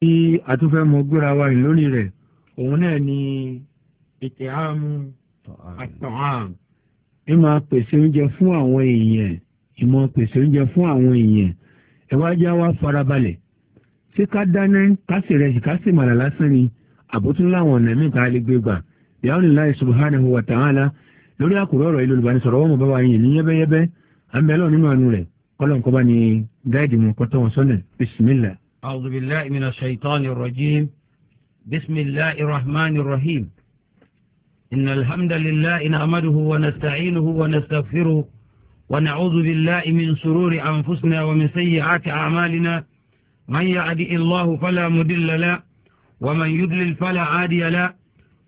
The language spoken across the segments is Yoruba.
tí a tún fẹ́ mọ gbéra wa rìn lórí rẹ̀ òun náà ni ètè àmú àtọ̀hán ẹ máa pèsè oúnjẹ fún àwọn èèyàn ìmọ̀ pèsè oúnjẹ fún àwọn èèyàn ẹ wá já wa farabalẹ̀ ṣé ká dáná ká sì rẹsì ká sì màlà lásán ni àbótún láwọn ọ̀nà míì ká lè gbé gbà yàrá ìlànà subhanahu wa ta'ala lórí àkùrọ̀ ọ̀rọ̀ ìlú olùbánisọ̀rọ̀ wọn bá wa yìn ní yẹ́bẹ́yẹ́bẹ́ àmì ẹlọ́ọ̀ nínú àánú rẹ̀ kọ́lọ́ǹkọ́ bá ní gáìdì wọn kọ́tọ́ wọn sọ́nà bisimilá. أعوذ بالله من الشيطان الرجيم بسم الله الرحمن الرحيم إن الحمد لله نعمده ونستعينه ونستغفره ونعوذ بالله من سرور أنفسنا ومن سيئات أعمالنا من يعدي الله فلا مدل له ومن يدلل فلا عادي له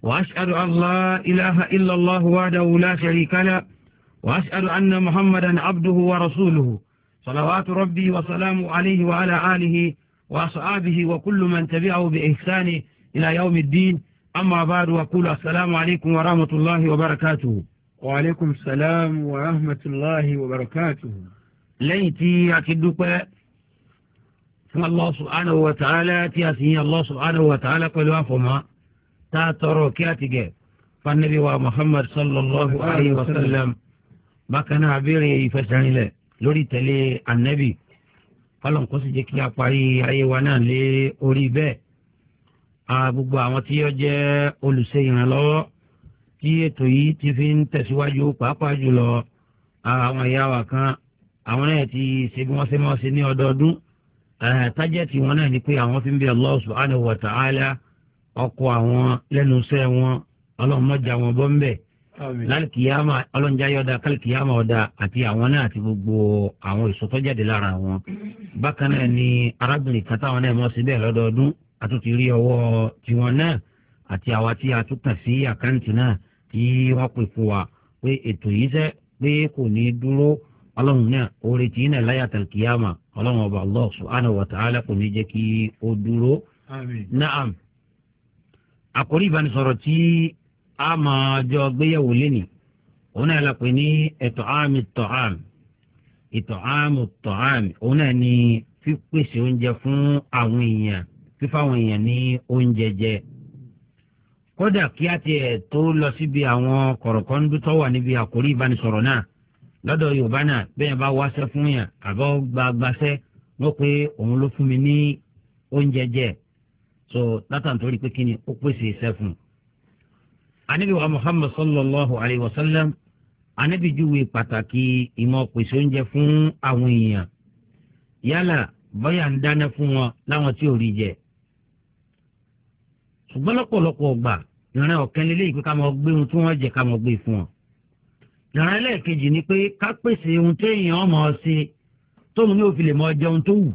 وأشهد أن لا إله إلا الله وحده لا شريك له وأشهد أن محمدا عبده ورسوله صلوات ربي وسلامه عليه وعلى آله وأصحابه وكل من تبعه بإحسان إلى يوم الدين أما بعد وقول السلام عليكم ورحمة الله وبركاته وعليكم السلام ورحمة الله وبركاته ليتي أكدك فما الله سبحانه وتعالى تيسي الله سبحانه وتعالى قل وفما تاترو كاتك فالنبي ومحمد صلى الله عليه وسلم ما كان عبيري فسعني له لوري تلي النبي kọ́lọ̀n kó sì jẹ́ kí a parí ayé wa náà lé orí bẹ́ẹ̀ gbogbo àwọn tí ó jẹ́ olùṣe ìrànlọ́wọ́ tí ètò yìí ti fi ń tẹ̀síwájú pàápàá jùlọ àwọn ìyá wa kan àwọn náà ti ṣe bí wọ́n ṣe máa ṣe ní ọdọọdún tájẹ́tì wọn náà ni pé àwọn fi ń bí Allah subhanahu wa ta'ala ọkọ̀ àwọn lẹ́nu iṣẹ́ wọn ọlọ́run mọ́jà wọn lálùkìyàmà ọlọ́njáyé ọ̀dà kálùkìyàmà ọ̀dà àti àwọn náà àti gbogbo àwọn ìsọtọ́jáde lára wọn. bákan náà ni arábìnrin kan táwọn náà mọ̀ síbẹ̀ lọ́dọọdún àtúntì rí ọwọ́ tiwọn náà àti àwa tí a tún kàn sí àkáǹtì náà tí wọ́n pè fún wa pé ètò yìí sẹ́ pé kò ní dúró ọlọ́run náà oore tí náà láyà kálùkìyàmà ọlọ́run ọba Allah subhanahu wa ta'ala kò ní jẹ́ kí ó dúró. naam àkórí ìbánisọ̀rọ̀ tí ama máa jọ gbéyàwó lẹ́nìí òun náà la pè ní ẹ̀tọ́ àmì tọ́ àmì ìtọ́ àmì tọ́ àmì òun náà ni fípèsè oúnjẹ fún àwọn èèyàn fífáwọn èèyàn ní oúnjẹ jẹ kódà kí á tiẹ̀ tó lọ síbi àwọn kọ̀rọ̀kọ́ ń dútọ́ wà níbi àkórí ìbánisọ̀rọ̀ náà lọ́dọ̀ yorùbá náà bẹ́ẹ̀ bá wáṣẹ́ fún yàn àbá gbàgbàṣẹ́ wọ́n pé òun ló fún mi ní oúnjẹ jẹ so látàn torí pé kí ni ó pèsè iṣẹ́ fún un anabi wa muhammad sallallahu alayhi wa sallam anabi júwe pàtàkì ìmọ̀ pèsè oúnjẹ fún àwọn èèyàn yálà bóyá ń dáná fún wọn láwọn tí ò rí jẹ ṣùgbọ́n lọ́pọ̀lọpọ̀ ọgbà ìran ọ̀kẹ́ lélẹ́ yìí ká mọ gbé ohun tí wọ́n jẹ ká mọ gbé e fún wọn ìran ẹlẹ́ẹ̀kejì ni pé ká pèsè ohun tí èèyàn ọmọ ṣe tóun ní òfin lè mọ jẹun tó wù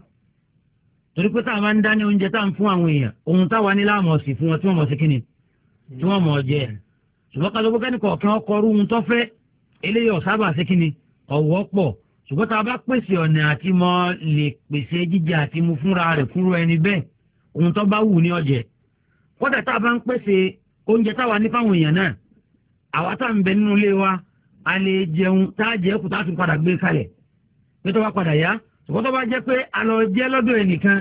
torí pé táwọn máa ń dání oúnjẹ táwọn fún àwọn èèyàn ohun táwa ní láàmọ̀ sí fún wọn tí wọ́n mọ̀ sí kí ni tí wọ́n mọ̀ ọ́ jẹ́ ṣùgbọ́n ká lóko kẹ́ni kọ̀ọ̀kan ọkọ̀ ọrú ohun tó fẹ́ eléyìí ọ̀sábà sí kíni ọ̀wọ́ pọ̀ ṣùgbọ́n tá a bá pèsè ọ̀nà àti mọ lè pèsè jíjẹ àti mu fúnra rẹ̀ kúrò ẹni bẹ́ẹ̀ ohun tó bá wù ní ọ̀jẹ̀ kódà tá a bá ń pèsè oúnjẹ táwa ní fáwọn èèyàn náà àwa tá à ń bẹ nínú ilé wa a lè jẹun tá a jẹ kù tá a tún padà gbé kalẹ̀ pé tó bá padà yá ṣùgbọ́n tó bá jẹ́ pé a jẹ́ lọ́dọ̀ ẹnìkan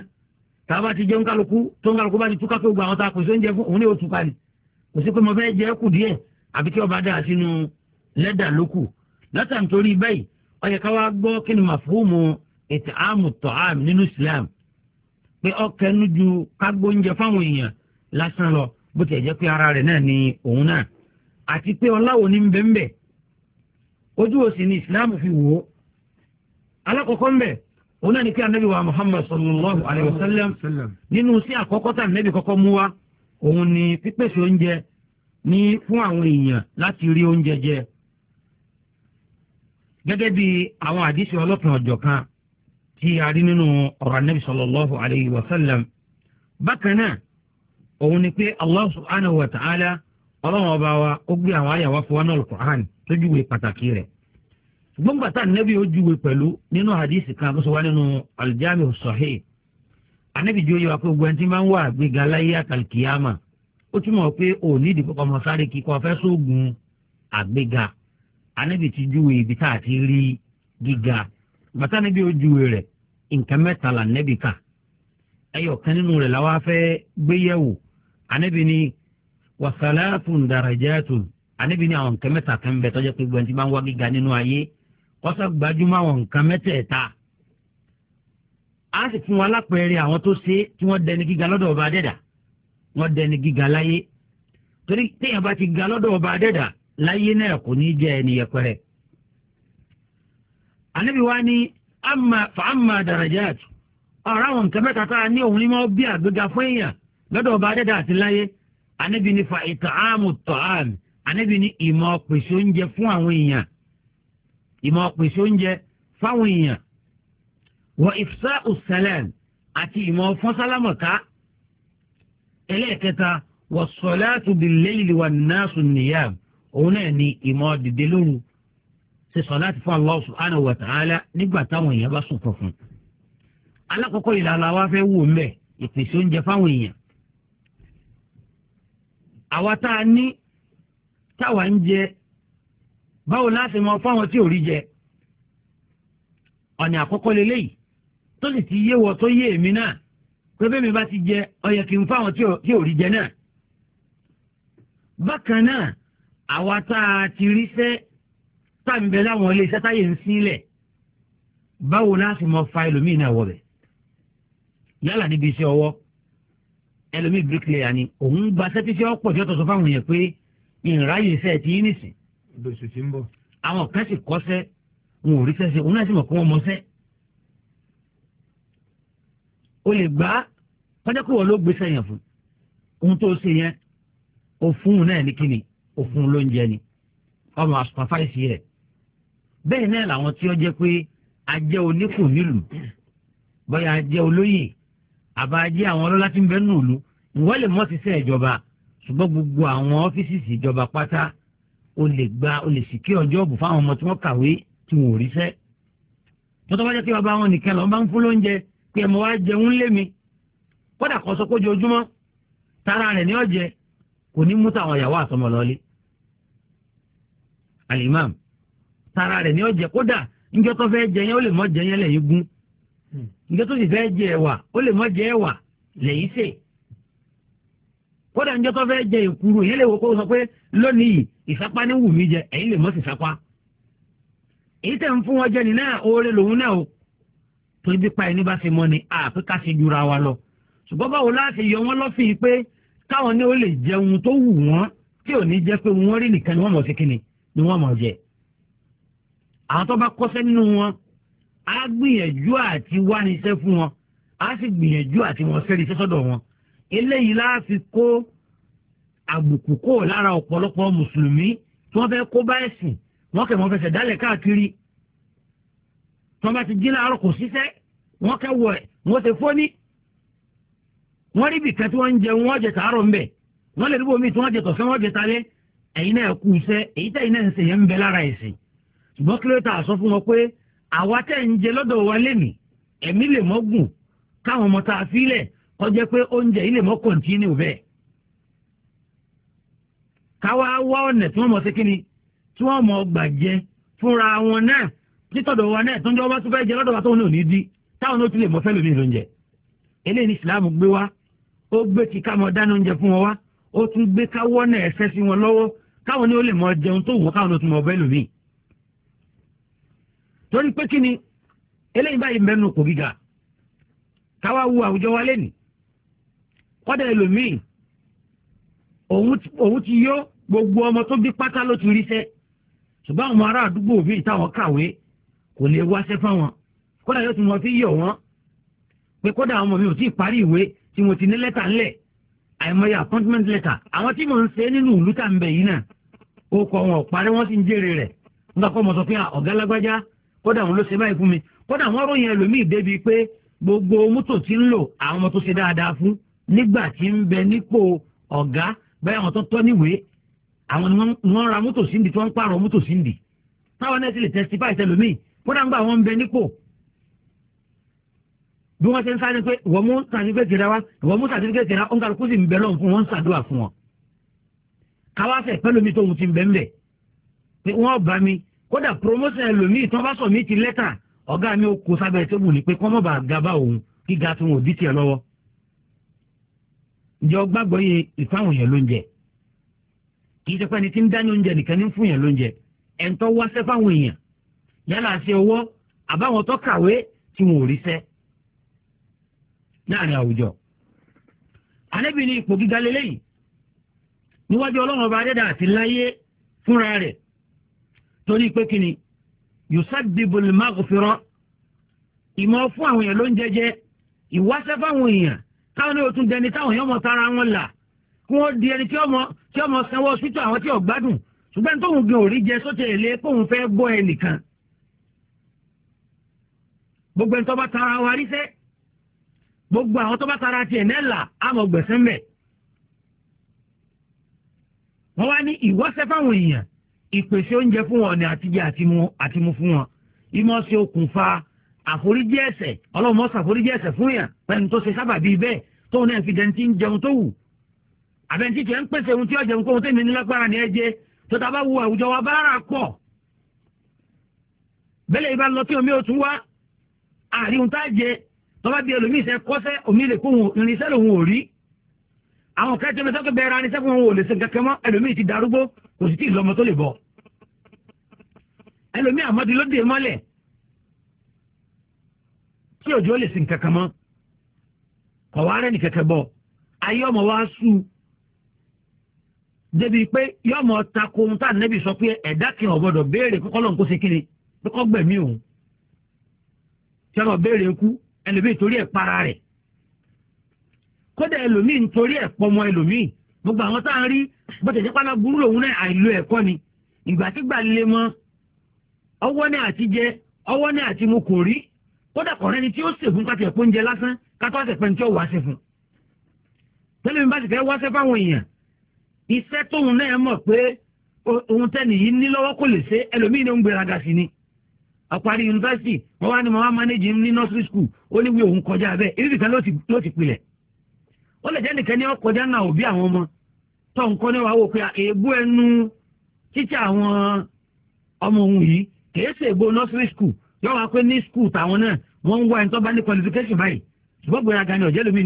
tá a bá ti jẹun kálukú tó ń kálukú bá ti túká pé gbogbo àwọn tá a pèsè oúnjẹ fún òun ní òtúkalẹ̀ kò sí pé mo fẹ́ jẹ́ kù díẹ̀ àbí kí ọba dáa sínú lẹ́dà lókù látàntorí báyìí ó yẹ ká wá gbọ́ kí ni màfúùmù ètò àmù tọ̀ àmì nínú Islam pé ọkẹnu ju kágbóúnjẹ fáwọn èèyàn lásán lọ bó ti jẹ́ pé ara rẹ̀ náà ni òun náà àti pé ọláwo ní bẹ́ńbẹ́ ojú òsì ni Islam fi wò ó alákọ̀ọ́kọ́ ń bẹ̀ òun náà ni pé anabi wa Muhammad sallallahu alayhi wa sallam nínú sí àkọ́kọ́ tá anabi kọ́kọ́ mú wa òun ni pípèsè oúnjẹ ní fún àwọn èèyàn láti rí oúnjẹ jẹ gẹ́gẹ́ bí àwọn àdìsí ọlọ́kan ọ̀jọ̀kan tí a rí nínú ọ̀rọ̀ anábì sallallahu alayhi wa sallam bákan náà òun ni pé allah subhanahu wa ta'ala ọlọ́run ọba wa ó gbé àwọn àyàwó fún wa náà al-Qur'an tó júwe pàtàkì rẹ̀ gbọ́ngbàtà nẹ́bí ó júwe pẹ̀lú nínú àdìsí kan tó sọ wá nínú al-Jami' anabi jẹ́ oyè wa pé gbogbo ẹni tí máa ń wà gbéga láyé àkàlùkìyàmà ó túmọ̀ pé òní ìdìbò ọmọ sáré kíkọ́ fẹ́ sóògùn àgbéga anabi ti júwe ibi tá a ti rí gíga bàtà níbi ó júwe rẹ̀ nǹkan mẹ́ta là nẹ́bi kà ẹyọ kan nínú rẹ̀ làwọn afẹ́ gbéyẹ̀wò anabi ni wasalatun darajatun anabi ni àwọn nǹkan mẹ́ta kan bẹ̀ tọ́jú pé gbọ̀ntì gíga nínú ayé kọ́sọ́ gbajúmọ̀ àwọn nǹkan mẹ́tẹ̀ẹ̀ta a sì fún wọn lápẹẹrẹ àwọn tó ṣe tí wọ́n dẹni gíga lọ́dọ̀ ọba adẹ́dà wọ́n dẹni gíga láyé torí téèyàn bá ti ga lọ́dọ̀ ọba adẹ́dà láyé náà kò ní jẹ́ ẹni yẹpẹrẹ. ànábì wa ni fàámà darajat ọ̀rọ̀ àwọn nǹkan mẹ́ta tá a ní òun ni wọ́n bí àgbéga fún èèyàn lọ́dọ̀ ọba adẹ́dà àti láyé ànábì ni fa ìtààmù tọ́àmù ànábì ni ìmọ̀ pèsè oúnjẹ fún àwọn èèyàn ìmọ̀ pèsè oúnjẹ fáwọn èèyàn wọ ifsa usalam àti ìmọ̀ fọ́nsálámọ̀ká ẹlẹ́ẹ̀kẹta wọ sọláàtù bil-layli wà nàásù nìyàm òun náà ni ìmọ̀ dìde lóru ṣe sọláàtù fún Allah subhanahu wa ta'ala nígbà táwọn èèyàn bá sùn fọ̀fun. alákọ̀ọ́kọ́ ìlànà wa fẹ́ wò mbẹ́ ìpèsè oúnjẹ fáwọn èèyàn. àwa tá a ní táwa ń jẹ báwo láti mọ fáwọn tí ò rí jẹ ọ̀nà àkọ́kọ́ lélẹ́yìí tó sì ti yé wọ tó yé èmi náà pé bẹ́ẹ̀ mi bá ti jẹ ọyẹ kì í fáwọn tí ò rí jẹ náà. bákan náà àwa tá a ti rí sẹ́ tá à ń bẹ láwọn ilé iṣẹ́ táyé ń sílẹ̀ báwo náà sì mọ fa ẹlòmíì náà wọbẹ̀ yálà níbi iṣẹ́ ọwọ́ ẹlòmíì bíríkìlẹ̀yà ni òun gba sẹ́tí ọ̀pọ̀ tí ó tọ̀sọ̀ fáwọn yẹn pé ìráyè iṣẹ́ ti yín nìsín. àwọn kan sì wọn ò rí sẹ́sẹ́ òun náà sì mọ̀ pé wọ́n mọṣẹ́ o lè gbà á kọjá kó wọ́n ló gbé sẹ́yìn fún ohun tó ṣe yẹn òfun náà ní kíni òfun ló ń jẹ ni ọmọ àsùpàfáìsì rẹ̀ bẹ́ẹ̀ náà làwọn tí ó jẹ́ pé ajẹ́ oníkùn nílùú bóyá ajẹ́ olóyè àbá ajẹ́ àwọn ọlọ́lá tí ń bẹ nùlù ìwọ́n lè mọ́ ti sẹ́ ìjọba ṣùgbọ́n gbogbo àwọn ọ́fíìsì ìjọba pátá o lè gba o lè sì kí ọjọ́ ọ̀bù fáwọn ọmọ tí wọ́n kàwé tí wọ́n ò ríṣẹ́ tó bá jẹ́ kí bàbá wọn nìkan lọ́n bá ń fún lóúnjẹ pé mo wá jẹun lé mi kódà kó sọ pé ojoojúmọ́ tara rẹ̀ ní ọ̀jẹ̀ kò ní mú táwọn ìyàwó àtọmọ lọ alimam tara rẹ̀ ní ọ̀jẹ̀ kódà njẹ́ tó fẹ́ jẹ yẹn ó lè mọ́ jẹ yẹn lẹ́yìn gún njẹ́ tó sì fẹ́ jẹ ẹ̀wà ó lè mọ́ jẹ ẹ̀wà lẹ́yìn sè kódà njẹ́ tó fẹ́ jẹ ìkuru yẹn lè wò kó sọ pé lónìí ìsapá ní wù mí jẹ ẹ̀yin lè mọ́ sí ìsapá èyí tẹ̀ ń fún wọn jẹ nínú oore lòun náà o torí bí pa ẹni bá ṣe mọ́ ni àpé ká ṣe jura wa lọ ṣùgbọ́n báwo láti yọ wọ́n lọ́fìn pé káwọn ní ó lè jẹun tó wù wọ́n tí ò ní jẹ́ pé wọ́n rí nìkan ni wọ́n mọ̀ sí kíni ni wọ́n mọ̀ jẹ. àwọn tó bá kọ́ṣẹ́ nínú wọn á gbìyànjú àti wá níṣẹ́ fún wọn á sì gbìyànjú àti wọn fẹ́ níṣẹ́ sọ́dọ̀ wọn. eléyìí láti kó àbùkù kó lára ọ̀pọ̀lọpọ̀ mùsùlùmí tí wọ́n fẹ́ kó bá ẹ̀sìn wọ́n kẹ̀ wọ́n fẹsẹ̀ dálẹ̀ káàkiri tí wọ́n bá ti jí láàárọ̀ kò síṣẹ́ wọ́n kẹ́wọ̀ ẹ̀ wọ́n ti fóní wọ́n rí bìkan tí wọ́n ń jẹ wọ́n jẹ tààrọ̀ ń bẹ̀ wọ́n lè rí bòmí tí wọ́n jẹ tọ̀sán wọ́n jẹ talẹ́ ẹ̀yin náà kú iṣẹ́ èyí tẹ̀yin náà ń ṣe ń bẹ lára ẹ̀sìn ṣùgbọ́n kí ló tà sọ fún wọn pé àwa tẹ̀ ń jẹ lọ́dọ̀ wa lẹ́mì ẹ̀mí lè mọ́ gùn káwọn ọmọ tá a fílẹ̀ kọjá pé oúnjẹ yìí lè mọ́ kọ̀ǹtínú bẹ́ẹ̀ káwa wá ọ̀nà tí wọ́n mọ̀ sí kíni tí wọ́n mọ̀ gbà fúnra wọn náà nítọ̀dọ̀ wa náà tó ń jẹ́ ọba tó fẹ́ jẹ lọ́dọ̀ wa tóun náà ní di táwọn náà tún lè mọ fẹ́ lómi lóúnjẹ eléyìí ní ìsìláàmù gbé wa ó gbé ti ká mọ dáná oúnjẹ fún wọn wá ó tún gbé káwọ́ náà ẹ̀fẹ́ sí wọn lọ́wọ́ káwọn ní ó lè mọ jẹun tó wọ́n káwọn náà tún mọ bẹ́ẹ̀ lómi. torí pé kí ni eléyìí báyìí mẹ́nu kò gíga káwá wu àwùjọ wa lẹ́nìí kọ́dà ẹlòmíì òun ti yó gbogbo ọmọ tó bí pátá ló ti ṣùgbọ́n àwọn ará àdúgbò míì táwọn kàwé kò lè wáṣẹ́ fáwọn kódà yóò tún wọn fi yọ̀ wọ́n pé kódà àwọn ọmọ mi ò tí ì parí ìwé tí mo ti ní lẹ́tà ńlẹ̀ àìmọye appointment letter àwọn tí mò ń ṣe nínú ìlú tá ń bẹ yìí náà ó kọ wọn parí wọn sì ń jèrè rẹ̀ nígbà kọ́ mọ̀ sọ pé ọ̀gá lágbájá kódà wọn ló ṣe báyìí fún mi kódà wọn ròyìn ẹlòmíì débi pé gbogbo mọ́tò tí ń lò àwọn ọmọ tó ṣe dáadáa fún nígbà tí ń bẹ nípò ọ̀gá bẹ́ẹ̀ àwọn tó tọ́ níwèé àwọn ni wọ́n ra mọ́tò síndì tí wọ́n ń pààrọ̀ mọ́tò síndì táwọn náà ti lè testify tẹlòmíì kódà ń bá àwọn ń bẹ nípò bí wọ́n ṣe ń sáré pé ìwọ mú sàtífíkẹ́tì rẹ wá ìwọ mú sàtífíkẹ́tì rẹ wọ́n kálukú sì ń bẹ lọ́hùn fún wọn ń ṣàdúrà fún wọn káwáṣẹ̀ pẹ́lúmi tóun ti ń bẹ ń bẹ pé wọ́n bá mi kódà promotion ẹlòmíì tó bá sọ mí ti lẹ́tà ọ̀gá mi ò kó sábẹ́ tébù ní pé kọ́mọ́ bá ga bá òun gíga tí wọn ò bí tiẹ̀ lọ́wọ́ ǹjẹ́ gbàgbọ́ yẹ ìfáwọn yẹn ló ń jẹ kì yálà ṣe owó àbáwọn tó kàwé tí wọn ò ríṣẹ́ láàrin àwùjọ. ànábì ní ipò gíga lélẹ́yìn níwájú ọlọ́run ọba adẹ́dà àti láyé fúnra rẹ̀ torí pé kíni yusaddibul maghfira ìmọ̀ fún àwọn èèyàn ló ń jẹjẹ ìwáṣẹ́ fáwọn èèyàn táwọn ní o tún dẹni táwọn èèyàn mọ̀ tara wọn là kí wọ́n di ẹni tí ọmọ tí ọmọ sanwó ṣútù àwọn tí ò gbádùn ṣùgbọ́n tóun gbin òrí jẹ sóte èlé kóun fẹ́ gbọ́ ẹnìkan gbogbo ẹni tó bá tara wa rí sẹ́ gbogbo àwọn tó bá tara tiẹ̀ nẹ́ẹ̀là àmọ̀ gbẹ̀sẹ̀ mẹ́. wọ́n wá ní ìwọ́sẹ̀ fáwọn èèyàn ìpèsè oúnjẹ fún wọn ní àtijọ́ àti mu fún wọn ìmọ̀ ṣe okùnfà àforíjì ẹ̀ṣẹ̀ ọlọ́run mọ́sà àforíjì ẹ̀ṣẹ̀ fún yàn pẹ̀lú tó ṣe sábàbí bẹ́ẹ̀ tóun náà fi dẹ̀ntì ń jẹun tó wù àbẹ̀ntì tiẹ̀ ń pèsè ohun tí ọ̀jẹ̀ nǹkan tó ní nílágbára ní ẹ̀jẹ̀ tó ta bá wu àwùjọ wa bára pọ̀ bẹ́lẹ̀ ìbá lọ omi ò tún wá àríhun tá a jẹ tọ́ba bíi ẹlòmíì sẹ kọ́sẹ́ omi lè kó irinṣẹ́ lòun ò rí àwọn kẹ́tẹ́ mi sọ́kẹ́ bẹ́ẹ̀ ra irinṣẹ́ fún wọn ò lè ṣe kankan mọ́ ẹlòmíì ti darúgbó kò sì tí ì lọ́mọ tó lè bọ̀ ẹlòmíì àmọ́dé ló dé mọ́lẹ̀ tí òjò lè ṣe kankan mọ́ kọ̀ wá rẹ́ nìkẹ́kẹ́ bọ̀ ayé ọmọ wa sú débi pé yọmọ tako ohun tá nẹ́bí sọ pé ẹ̀dá kí ọ̀gbọ́dọ̀ béèrè kọ́kọ́ lọ́nkó ṣe kiri kọ́kọ́ gbẹ̀mí òun tí ọmọ béèrè ikú ẹlòmíì torí ẹ̀ para rẹ̀ kódà ẹlòmíì nítorí ẹ̀ pọmọ ẹlòmíì gbogbo àwọn tá à ń rí bó tẹ̀sí pálá burú lòun náà àìlo ẹ̀kọ́ ni ìgbàkigbà lè mọ ọwọ́ ní àti jẹ ọwọ́ ní àti mu kò rí kódà kọ̀ọ̀rẹ́ ni tí ó sèfún káti ẹ̀pọ̀ oúnjẹ lásán kátó àtẹ̀pẹ́ ní tí ó wá sí fún tẹ́lẹ̀mí bá sì fẹ́ wáṣẹ́ fáwọn èèyàn iṣẹ́ tóun náà mọ̀ pé ohun tẹ́nìyí ní lọ́wọ́ kò lè ṣe ẹlòmíì ní ń gbéraga sí ni àparí yunifásitì wọ́n wá ní màmá manéjì ní nursery school ó ní wí òun kọjá bẹ́ẹ̀ ìrírí kan ló ti pilẹ̀ ó lè jẹ́ nìkan ní ọkọjá náà òbí àwọn ọmọ tó nǹkan ní wàá wò pé èébú ẹnu títí àwọn ọmọ òun yìí kìí ṣe ègbó nursery school yọ pé ní school tàwọn náà ń wá ẹni tó bá ní qualification báyìí ṣùgbọ́n bóyá ọ̀jẹ́ lómi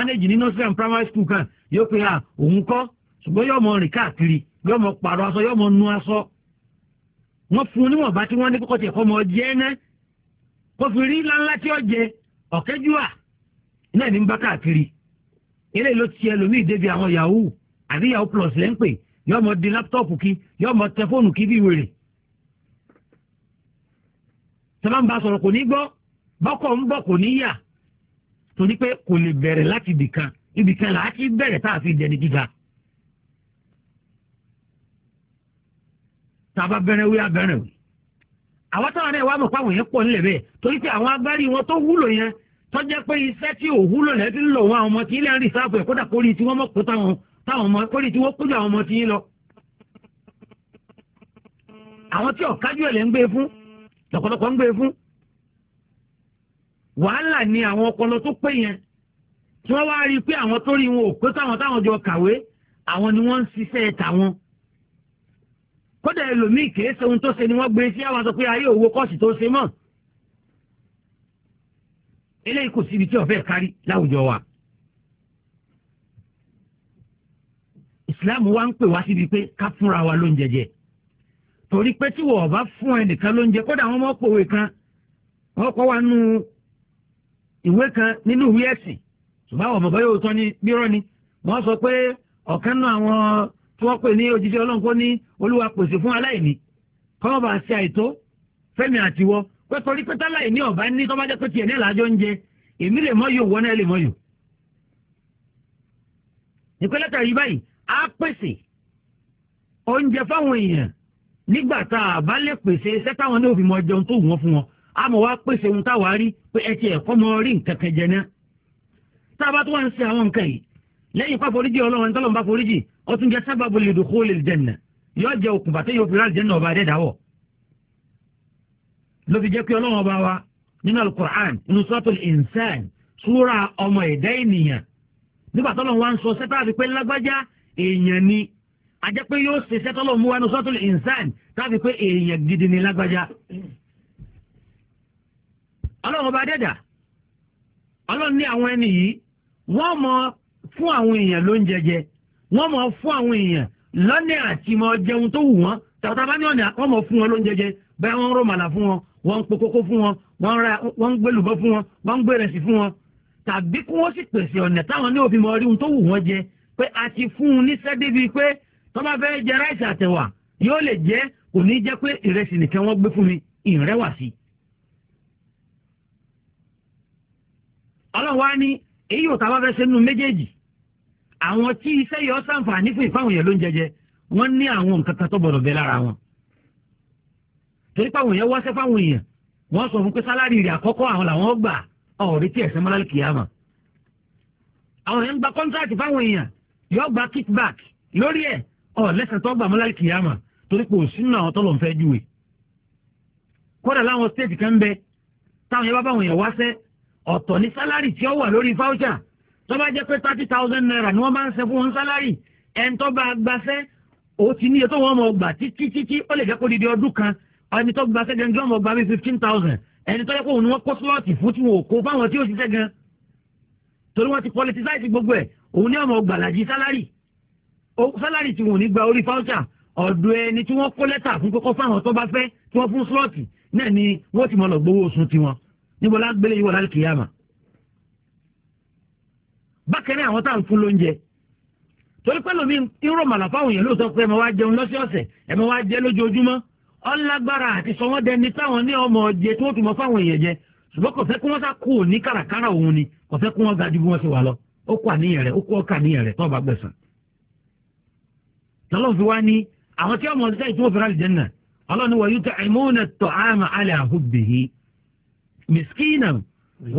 a ní nursery and primary school kan yóò pé a òun kọ́ ṣùgbọ́n wọ́n fún un níwọ̀nba tí wọ́n ní kókó tiẹ̀ kọ́mọ jẹ́ ná kó fi rí ńláńlá tí ó jẹ ọ̀kẹ́júà náà ní bá káàkiri eléyìí ló ti ẹlòmíì débi àwọn yahoo àti yahoo plus lẹ́ ń pè yọ ọmọ di láptọ́ọ̀pù kí yọ ọmọ tẹ kí bí wèrè sábà sọ̀rọ̀ kò ní gbọ́ bọ́kọ̀ ń bọ̀ kò ní yà torí pé kò lè bẹ̀rẹ̀ láti ibìkan ibìkan làá ti bẹ̀rẹ̀ tá a fi jẹ gíga tàbá bẹ̀rẹ̀ wí abẹ́rẹ́ o àwọn táwọn náà wà mọ̀ pé àwọn yẹn pọ̀ nílẹ̀ bẹ́ẹ̀ torí pé àwọn agbárí wọn tó wúlò yẹn tó jẹ́ pé iṣẹ́ tí ò wúlò lẹ́ ti ń lọ wọn àwọn ọmọ tí ilé ń rí sáàpù ẹ̀ kódà kórì tí wọ́n mọ̀ kó táwọn táwọn ọmọ kórì tí wọ́n kójú àwọn ọmọ tí yín lọ. àwọn tí ọ̀kájú ẹ̀ lẹ́ ń gbé e fún lọ́pọ̀lọpọ̀ ń gbé e fún. wàhálà ni àwọn ọpọlọ tó pé yẹn tí wọ́n wá rí i pé àwọn tó rí wọn ò pé táwọn táwọn jọ kàwé àwọn ni wọ́n ń ṣiṣẹ́ tàwọn kódà ẹlòmíì kìí ṣe ohun tó ṣe ni wọn gbé sí àwọn àtọ́kùn ayé òwò kọ́ọ̀sì tó ṣe mọ́ eléyìí kò síbi tí ọ̀fẹ́ kárí láwùjọ wa ìsìláàmù wa ń pè wá síbi pé ká wa ló ń jẹjẹ torí pé tí wọ́n bá fún ẹnìkan ló ń jẹ kódà wọ́n mọ̀ pòwe kan wọ́n kọ́ wa nù ìwé kan nínú sọ pé náà wọ́n pè ní òjijì ọlọ́run kó ní olúwa pèsè fún aláìní kọ́mọ́ bá ṣe àìtó fẹ́mi àtiwọ́ pé torí pé táláìní ọ̀bá ní tọ́ bá jẹ́ pé tiẹ̀ ní ìlàjọ ń jẹ èmi lè mọ́ yòó náà lè mọ́ yòó. ìpínlẹ̀ tàbí báyìí á pèsè oúnjẹ fáwọn èèyàn nígbà tá a bá lè pèsè iṣẹ́ táwọn náà fi mọ jẹun tó wọ́n fún wọn á mọ̀ wá pèsè ohun táwa rí pé ẹ ti ẹ̀kọ́ mọ rí nǹkan kẹjẹ náà tá bá tó wá ń ṣe àwọn nǹkan yìí lẹ́yìn pa foríjì ọlọ́run tọ́lọ̀ ń bá foríjì ó tún jẹ́ sábàbù lè dùn kó lè jẹ̀nà yóò jẹ́ okùn bàtẹ́ yóò fi rà jẹ́nà ọba adẹ́dáwọ̀ ló fi jẹ́ pé ọlọ́run ọba wa nínú alukur'an nínú suratul insan súra ọmọ ẹ̀dá ènìyàn nígbà tọ́lọ̀ wa ń sọ sẹ́tà àti pé lágbájá èèyàn ni ajẹ́ pé yóò ṣe sẹ́tọ́lọ̀ ọlọ́run ọba mọ fún àwọn èèyàn ló ń jẹjẹ wọ́n mọ̀ fún àwọn èèyàn lọ́nà àti mọ̀ jẹun tó wù wọ́n tàbátà bá ní ọ̀nà wọ́n mọ̀ fún wọn ló ń jẹjẹ bẹ́ẹ̀ wọ́n ń rọ̀màlà fún wọn wọ́n ń po kókó fún wọn wọ́n ń gbé lùbọ́ fún wọn wọ́n ń gbé rẹ̀sì fún wọn tàbí kí wọ́n sì pèsè ọ̀nà táwọn ní òfin mọ̀ rí ohun tó wù wọ́n jẹ pé a ti fún un níṣẹ́ débi pé tó bá fẹ́ jẹ ráìsì àtẹ̀wà yóò lè jẹ́ kò ní jẹ́ pé ìrẹsì nìkan wọ́n gbé fún mi ìrẹ́wà sí i. ọlọ́run ní èyí ò tá a bá fẹ́ ṣe méjèèjì àwọn tí iṣẹ́ yọ sàǹfààní fún ìfáwọn yẹn ló ń jẹjẹ wọ́n ní àwọn nǹkan kan tó gbọdọ̀ bẹ lára wọn. torí pàwọn yẹn wáṣẹ́ fáwọn èèyàn wọ́n sọ fún pé sálárì rẹ̀ àkọ́kọ́ àwọn làwọn gbà ọ̀rẹ́ tí ẹ̀sẹ̀ mọ́lá kìyàmà. àwọn yẹn ń gba kọ́ńtráàtì fáwọn èèyàn yọ gba kickback lórí ẹ̀ ọ̀ lẹ́sẹ̀ tó gbà mọ́lá kìyàmà torí pé òsín náà tó lọ́n fẹ́ júwe. kódà láwọn stéètì kan bẹ táwọn yẹn bá báwọn yẹn wáṣẹ́ ọ̀tọ̀ ní sálárì tí ó wà lórí fáwọ́ṣà tó bá jẹ́ pé thirty thousand naira ni wọ́n máa ń ṣe fún wọn sálárì ẹni tó bá gbaṣẹ́ ó ti níye tó wọ́n mọ̀ gbà títí títí ó lè jẹ́ kó didi ọdún kan ẹni tó gbaṣẹ́ gan jọ́ mọ̀ gbà bíi fifteen thousand ẹni tó yẹ kó òun ni wọ́n kó slọ́ọ̀tì fún tí wọn ò kó fáwọn tí ó ṣiṣẹ́ gan torí wọ́n ti politicize gbogbo ẹ̀ òun ni ọmọ gbàlàjì sálárì sálárì tí wọn ò ní gba orí fáwọ́tà ọ̀dọ̀ ẹni tí wọ́n kó lẹ́tà fún kókó fáwọn tó bá fẹ́ tí wọ́n fún slọ́ọ̀tì náà ni wọ́n ti mọ̀ lọ gbowó oṣù tiwọn níbo lágbélé yìí wọ́n bákan náà àwọn tá à ń fún lóúnjẹ torí pé lómi ń màlà fáwọn yẹn lóòótọ́ pé ẹ máa wá jẹun lọ́sọ̀ọ̀sẹ̀ ẹ máa wá jẹ lójoojúmọ́ ọlágbára àti sọwọ́n táwọn ní ọmọ tó tún fáwọn jẹ ṣùgbọ́n kò fẹ́ kí wọ́n sá kú ni kò fẹ́ kí wọ́n ga ju bí wọ́n ṣe wà lọ ó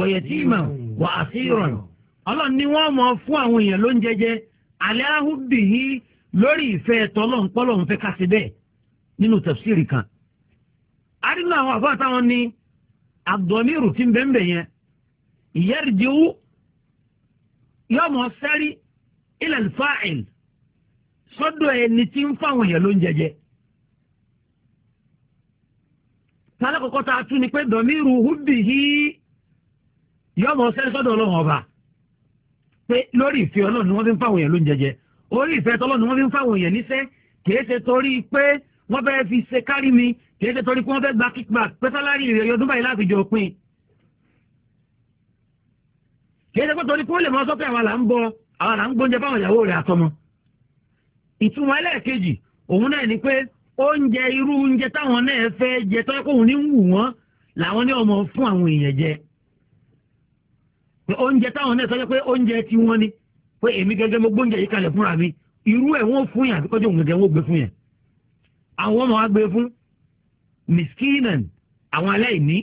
àníyàn ó ọlọ́run ni wọ́n mọ̀ fún àwọn èèyàn ló ń jẹjẹ alẹ́ ahúbì yìí lórí ìfẹ́ tọ́lọ́n pọ́lọ́n fẹ́ ká sí bẹ́ẹ̀ nínú tafsiri kan. arínú àwọn àbá táwọn ní abdomiru ti ń bẹ́ẹ̀ yẹn ìyẹ́rìndínwó yóò mọ̀ sẹ́rí ilẹ̀ fáìl sọ́dọ̀ ẹni tí ń fáwọn èèyàn ló ń jẹjẹ. tálẹ́ kọ́kọ́ tún ni pé dọ̀míru húbì yìí yóò mọ̀ sẹ́rí sọ́dọ̀ ọlọ́run ọba pé lórí ìfẹ́ ọlọ́run ni wọ́n fi ń fáwọn èèyàn ló ń jẹjẹ orí ìfẹ́ tọ́lọ́run ni wọ́n fi ń fáwọn èèyàn níṣẹ́ kìí ṣe torí pé wọ́n fẹ́ fi ṣe kárí mi kìí ṣe torí pé wọ́n fẹ́ gba kickback pé sálárì rẹ̀ yọdún báyìí láti jọ pin kìí ṣe pé torí pé ó lè mọ sọ́kẹ́ àwọn là ń bọ àwọn là ń gbóúnjẹ fáwọn ìyàwó rẹ̀ àtọmọ ìtumọ̀ ẹlẹ́ẹ̀kejì òun náà ni pé oúnjẹ irú oúnjẹ táwọn náà fẹ́ jẹ tọ́ kóun ní wù wọ́n làwọn ní ọmọ fún àwọn èèyàn jẹ pé oúnjẹ táwọn náà sọ pé oúnjẹ tí wọ́n ní pé èmi gẹ́gẹ́ mo gbóúnjẹ yìí kalẹ̀ fúnra mi irú ẹ̀ wọ́n fún yàn àbíkọ́jọ́ òun gẹ́gẹ́ wọ́n gbé fún yàn àwọn ọmọ wa gbé fún miskinan àwọn aláìní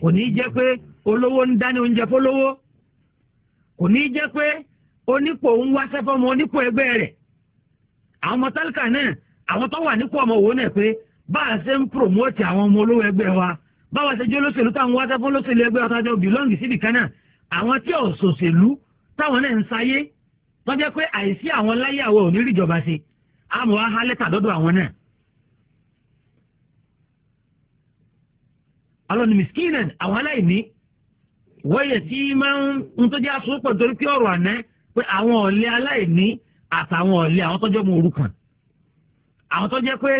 kò ní jẹ́ pé olówó ń dání oúnjẹ fólówó kò ní jẹ́ pé onípò ń wáṣẹ́ fọmọ onípò ẹgbẹ́ rẹ̀ àwọn ọmọ tálíkà náà àwọn tó wà nípò ọmọ òwò náà pé bá a ṣe ń promote àwọn ọmọ olówó ẹgbẹ́ wa báwa ṣe jẹ́ olóṣèlú táwọn wáṣẹ́ fún olóṣèlú ẹgbẹ́ ọ̀tá bìlọ́ǹgì síbìkan náà àwọn tí ò sòṣèlú táwọn náà ń sáyé wọ́n jẹ́ pé àìsí àwọn láyé àwọn ò ní rí ìjọba ṣe àmọ́ wá há lẹ́tà lọ́dọ̀ àwọn náà. alọ́ni miskinan àwọn aláìní wọ́yẹ̀ tí máa ń tó jẹ́ àsopọ̀ torí pé ọ̀rọ̀ àná pé àwọn ọ̀lẹ aláìní àtàwọn ọ̀lẹ àwọn tó jẹ́ ọmọ òrukàn àwọn tó jẹ́ pé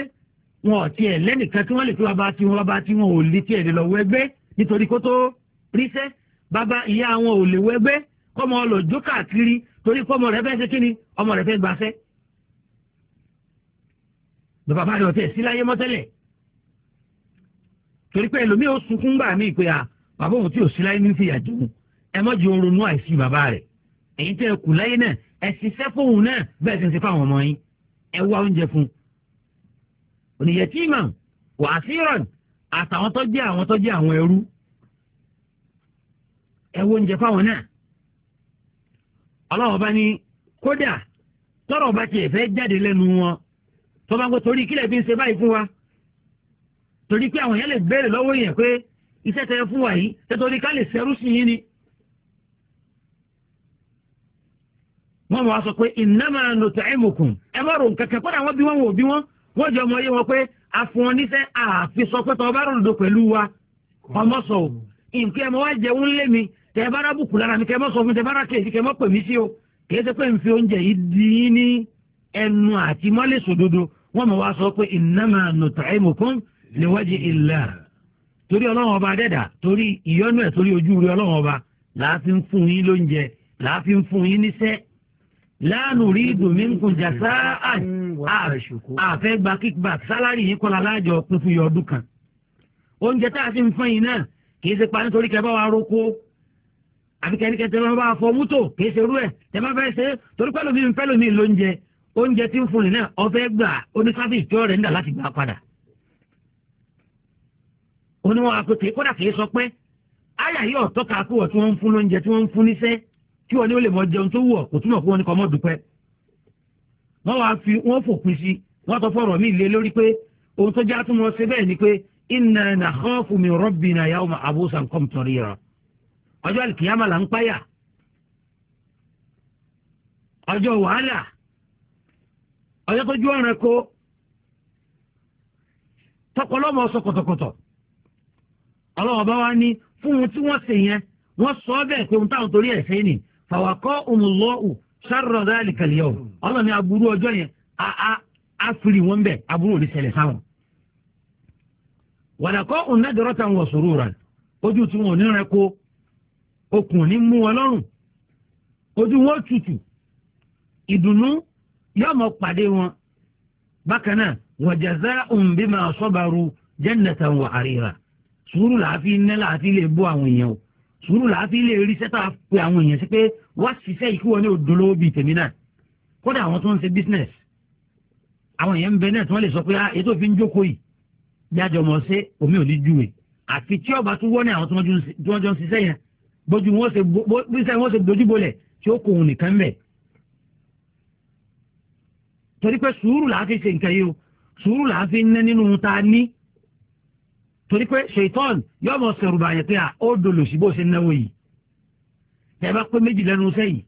wọn ò tiẹ̀ lẹ́nìkan tí wọ́n lè fi wá bá tiwọn wá bá tiwọn ò lè tiẹ̀ lè lọ́wọ́ ẹgbẹ́ nítorí kó ríṣẹ́ Baba ìyá àwọn ò lè wẹgbẹ́ kọ́mọ ọlọ́jọ́ káàkiri torí kọ́mọ rẹ fẹ́ ṣe kíni ọmọ rẹ fẹ́ gbafẹ́ bàbá rẹ ọ̀tẹ̀ síláyé mọ́tẹ́lẹ̀ torí pé ẹlòmíì ó sunkún gbà mí pé à bàbá òun tí ò síláyé ní fìyà jẹun ẹ mọ́ jẹun ronú àìsí bàbá rẹ̀ èyí tẹ́ ẹ kù láyé náà ẹ sì fẹ́ fóun náà bẹ́ẹ̀ sì ń ṣe fáwọn ọmọ yín ẹ wá oúnjẹ fún un. oníyẹtìmọ̀ wàásìrọ̀ àtàwọn tó jẹ́ àwọn tó jẹ́ àwọn ẹrú ẹ wo oúnjẹ fáwọn náà ọlọ́wọ́n bá ní kódà tọrọ bá tiẹ̀ fẹ́ jáde lẹ́nu wọn tó bá ń kó torí kílẹ̀ fi ń ṣe báyìí fún wa torí pé àwọn yẹn lè béèrè lọ́wọ́ yẹn pé iṣẹ́ tẹ fún wa yìí tẹ́tọ́rí ká lè ṣẹ́rú sí yín ni. wọ́n wá sọ pé innama nut'imukum ẹ má rò nǹkan kan kódà wọ́n bí wọ́n wò bí wọ́n wọ́n jẹ́ ọmọ yé wọn pé àfún níṣẹ́ àfi sọ rò lòdò pẹ̀lú wa ọmọ sọ̀rọ̀ nǹkan ẹ̀ mọ́ wá jẹun lé mi tẹ bá rábùkù lára mi kẹ mọ́ sọ fún mi tẹ bá rà kejì kẹ mọ́ pè mí sí o kì í ṣe pé n fi oúnjẹ yìí dín ní ẹnu àti mọ́lẹ̀ sòdodo wọ́n mọ̀ wá sọ pé innama nut'imukum liwajhi illah torí ọlọ́run ọba dẹ́dà torí ìyọ́nú ẹ̀ torí ojú rí ọlọ́run ọba láàfin fún yín lóúnjẹ láàfin fún yín níṣẹ́ la nuridu minkum jaza'an àfẹ́ gba kickback sálárì yìí kọ́la láàjọ pín fún yọ ọdún kan oúnjẹ tá a ti ń fún yín náà kì í ṣe pa nítorí kẹ́ bá wa roko àbí kẹ́ríkẹ́ tẹ́ máa bá fọ mútò kì í ṣe irú ẹ̀ tẹ́ máa fẹ́ ṣe torí pẹ́lú mi pẹ́lú mi lóúnjẹ oúnjẹ tí ń fún ni náà ọ̀fẹ́ gbà oníṣàfihàn tí ọ̀rẹ́ ń dà láti gbà padà. oníwọ̀n àpèké kódà kì í sọ pé àyà yìí ọ̀tọ́ ká kó wọ̀ tí wọ́n ń fún lóúnjẹ tí wọ́n ń fún níṣẹ́ tí wọ́n ní ó lè mọ jẹun tó wọ̀ kò túmọ̀ kó wọn ní kọ́ mọ́ dúpẹ́. wọ́n wá fi wọ́n fòpin ọjọ́ àlìkìyàmà là ń páyà ọjọ́ wàhálà ọjọ́ tójú ọ̀ràn kó tọkọlọ́mọ sọ kọ̀tọ̀kọ̀tọ̀ ọlọ́wọ́ bá wá ní fún ohun tí wọ́n ṣe yẹn wọ́n sọ bẹ́ẹ̀ pé ohun táwọn torí ẹ̀ ṣe ni fàwákọ́ òmùlọ́ọ̀ù sárọ̀dá àlìkàlẹ̀ ọ̀hún ọlọ́ni aburú ọjọ́ yẹn á firi wọn bẹ́ẹ̀ aburú ò ní sáwọn. wàdàkọ́ òun náà dọ̀rọ̀ rà ojú tí wọn ò ní rẹ kó okùn ò ní mú wọn lọ́rùn ojú wọn tutù ìdùnnú yóò mọ pàdé wọn bákan náà wa jazaa'un bima sabaru jannatan wa harira sùúrù làáfi iná làáfi lè bọ́ àwọn èèyàn o sùúrù làáfi lè rí sẹ́tà pé àwọn èèyàn sí pé wá ṣiṣẹ́ yìí kí wọ́n ní odolówó bíi tèmi náà kódà àwọn tó ń ṣe business àwọn èèyàn ń bẹ náà tí wọ́n lè sọ pé ah, ètò òfin jókòó yìí jájọ mọ̀ ṣe omi ò ní júwe àfi tí ọba tó wọ́n ní àwọn tí wọ́n jọ ń ṣiṣẹ́ yẹn bójú wọn ṣe bíṣẹ́ wọn ṣe dojú bolẹ̀ tí ó kó òun nìkan bẹ̀. torí pé sùúrù làá fi ṣe nǹkan yìí o sùúrù làá fi ná nínú ta ní torí pé ṣètọ́n yóò mọ sọ̀rọ̀ bàyẹ̀ pé à ó dolo sí bó ṣe náwó yìí tẹ́ bá pé méjì lẹ́nu sẹ́yìn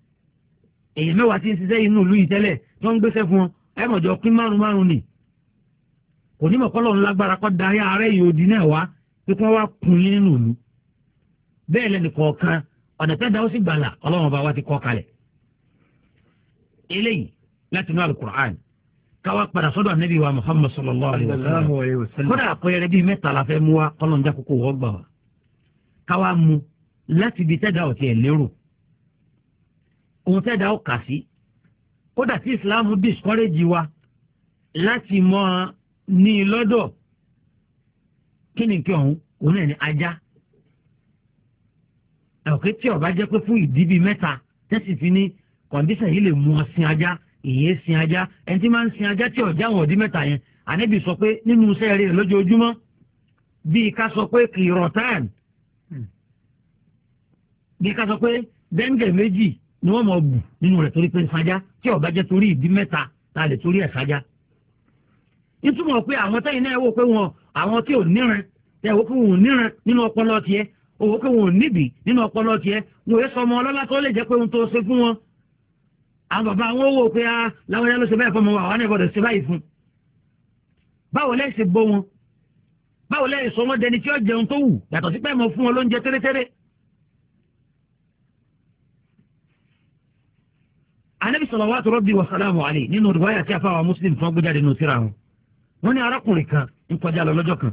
èyí mẹ́wàá ti ń ṣiṣẹ́ inú ìlú yìí tẹ́lẹ̀ tó ń gbéṣẹ́ fún ọ ẹ mọ̀jọ pín márùn márùn ni kò ní mọ̀kọ́lọ́ ńlágbára kọ́ da ayé ààrẹ yìí odi bẹ́ẹ̀ lẹ́nu kọ̀ọ̀kan ọ̀nà tẹ́ dáwọ́ sí gbàlà ọlọ́run ọba wa ti kọ́ kalẹ̀ eléyìí láti inú alukur'an káwa padà sọ́dọ̀ anabi wa muhammad sallallahu alayhi wa sallam kódà àpẹẹrẹ bíi mẹ́ta la fẹ́ mú wa kọ́lọ́n já kókó wọ́n gbà wá káwa mú láti ibi tẹ́ dáwọ́ tiẹ̀ lérò òun tẹ́ dáwọ́ kà sí kódà tí islam discourage wa láti mọ́ ní lọ́dọ̀ kí ni kí ọ̀hún òun náà ní ajá ẹ̀kọ́ tí ọba jẹ́ pé fún ìdí bíi mẹ́ta tẹ́sí fi ní kọ̀ǹdíṣàn yìí lè mú ọ sin ajá ìyẹn sin ajá ẹni tí máa ń sin ajá tí ọ̀já wọn ọ̀dí mẹ́ta yẹn ànábì sọ pé nínú iṣẹ́ rẹ̀ lójoojúmọ́ bíi ká sọ pé kìrọ̀tán bíi ká sọ pé dẹ́ńgẹ̀ méjì ni wọ́n mọ̀ bù nínú rẹ̀ torí pé ń sajá tí ọba jẹ́ torí ìdí mẹ́ta tá a lè torí ẹ̀ sajá. ìtumọ̀ pé àwọn tẹ́yìn náà wò pé wọn àwọn tí ò níran tẹ́ owó pé wọn ò níbi nínú ọpọlọ tiẹ wọn yẹ sọmọ ọlọ́lá tó lè jẹ́ pé ohun tó ṣe fún wọn àwọn bàbá wọn wò pé ah, láwọn yẹn ló ṣe báyìí fún ọmọ wa àwọn ẹ̀gbọ́dọ̀ ṣe báyìí fún báwo lẹ́yìn ṣe bọ́ wọn báwo lẹ́yìn sọ wọn dẹni tí ó jẹun tó wù yàtọ̀ sí pé fún wọn lóúnjẹ tẹ́rẹ́tẹ́rẹ́ anabi salawatu rabbi wa salamu alayhi nínú rìwáyà tí a fáwọn muslim fún ọgbẹ́jáde nù síra wọn wọn ní arákùnrin kan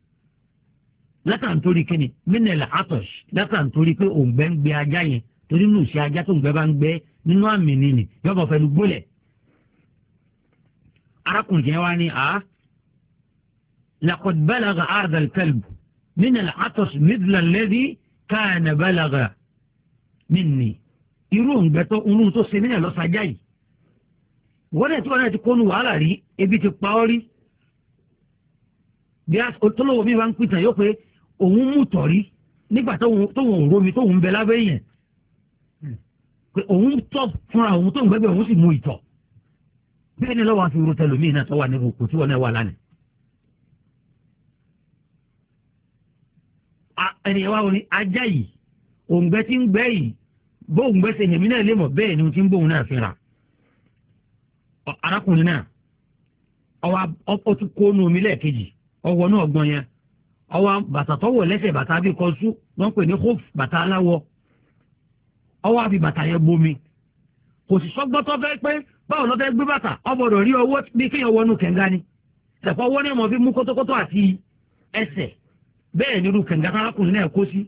látà nítorí kíni mínẹ̀lì àtọ̀ṣ látà nítorí pé òǹgbẹ́ ń gbé ajá yẹn torí nù sí ajá tó ń gbẹ bá ń gbẹ nínú àmì nìyí yọ̀bọ̀ fẹ́ lu gbólẹ̀. arákùnrin yẹn wá ní a laqad balagha arda al-kalb mínẹ̀lì àtọ̀ṣ mithla alladhi kana balagha minni irú òǹgbẹ́ tó ń tó ṣe mínẹ̀ lọ́sàájá yìí wọ́n dẹ̀ ti kónú wàhálà rí ebi ti pa ọ́ rí bí a tó lówó mi bá ń pìtàn yóò pé òun mú tọ̀rí nígbà tóun ò romi tóun bẹ lábẹ́ yẹn pé òun tọ̀ fúnra òun tóun gbẹ́gbẹ́ òun sì mú ìtọ̀ bẹ́ẹ̀ ni lọ́wọ́ àti irú tẹlómìn náà tó wà níbi òkú tí wọ́n náà wà lánàá. ènìyàn wa ni ajá yìí òǹgbẹ tí ń gbẹ yìí bó òǹgbẹ ṣe yẹmí náà lè mọ bẹ́ẹ̀ ni ti ń bóun náà fínra arákùnrin náà ó tún kó nu omi lẹ́ẹ̀kejì ọwọ́ náà gbọ́n yẹn ọwọ́ bàtà tọ́wọ̀ lẹ́sẹ̀ bàtà bíi kọ́sú wọ́n pè ní hóf bàtà aláwọ̀ ọwọ́ àfi bàtà yẹn bomi kò sì sọ́gbọ́tọ́ fẹ́ pé báwo ló fẹ́ gbé bàtà ọgbọ́dọ̀ rí ọwọ́ bí kéèyàn wọnú kẹ̀ǹgá ni ṣẹ̀fọ́ ọwọ́ náà mọ̀ fi mú kótókótó àti ẹsẹ̀ bẹ́ẹ̀ ni irú kẹ̀ǹgá kárákùnrin náà kó sí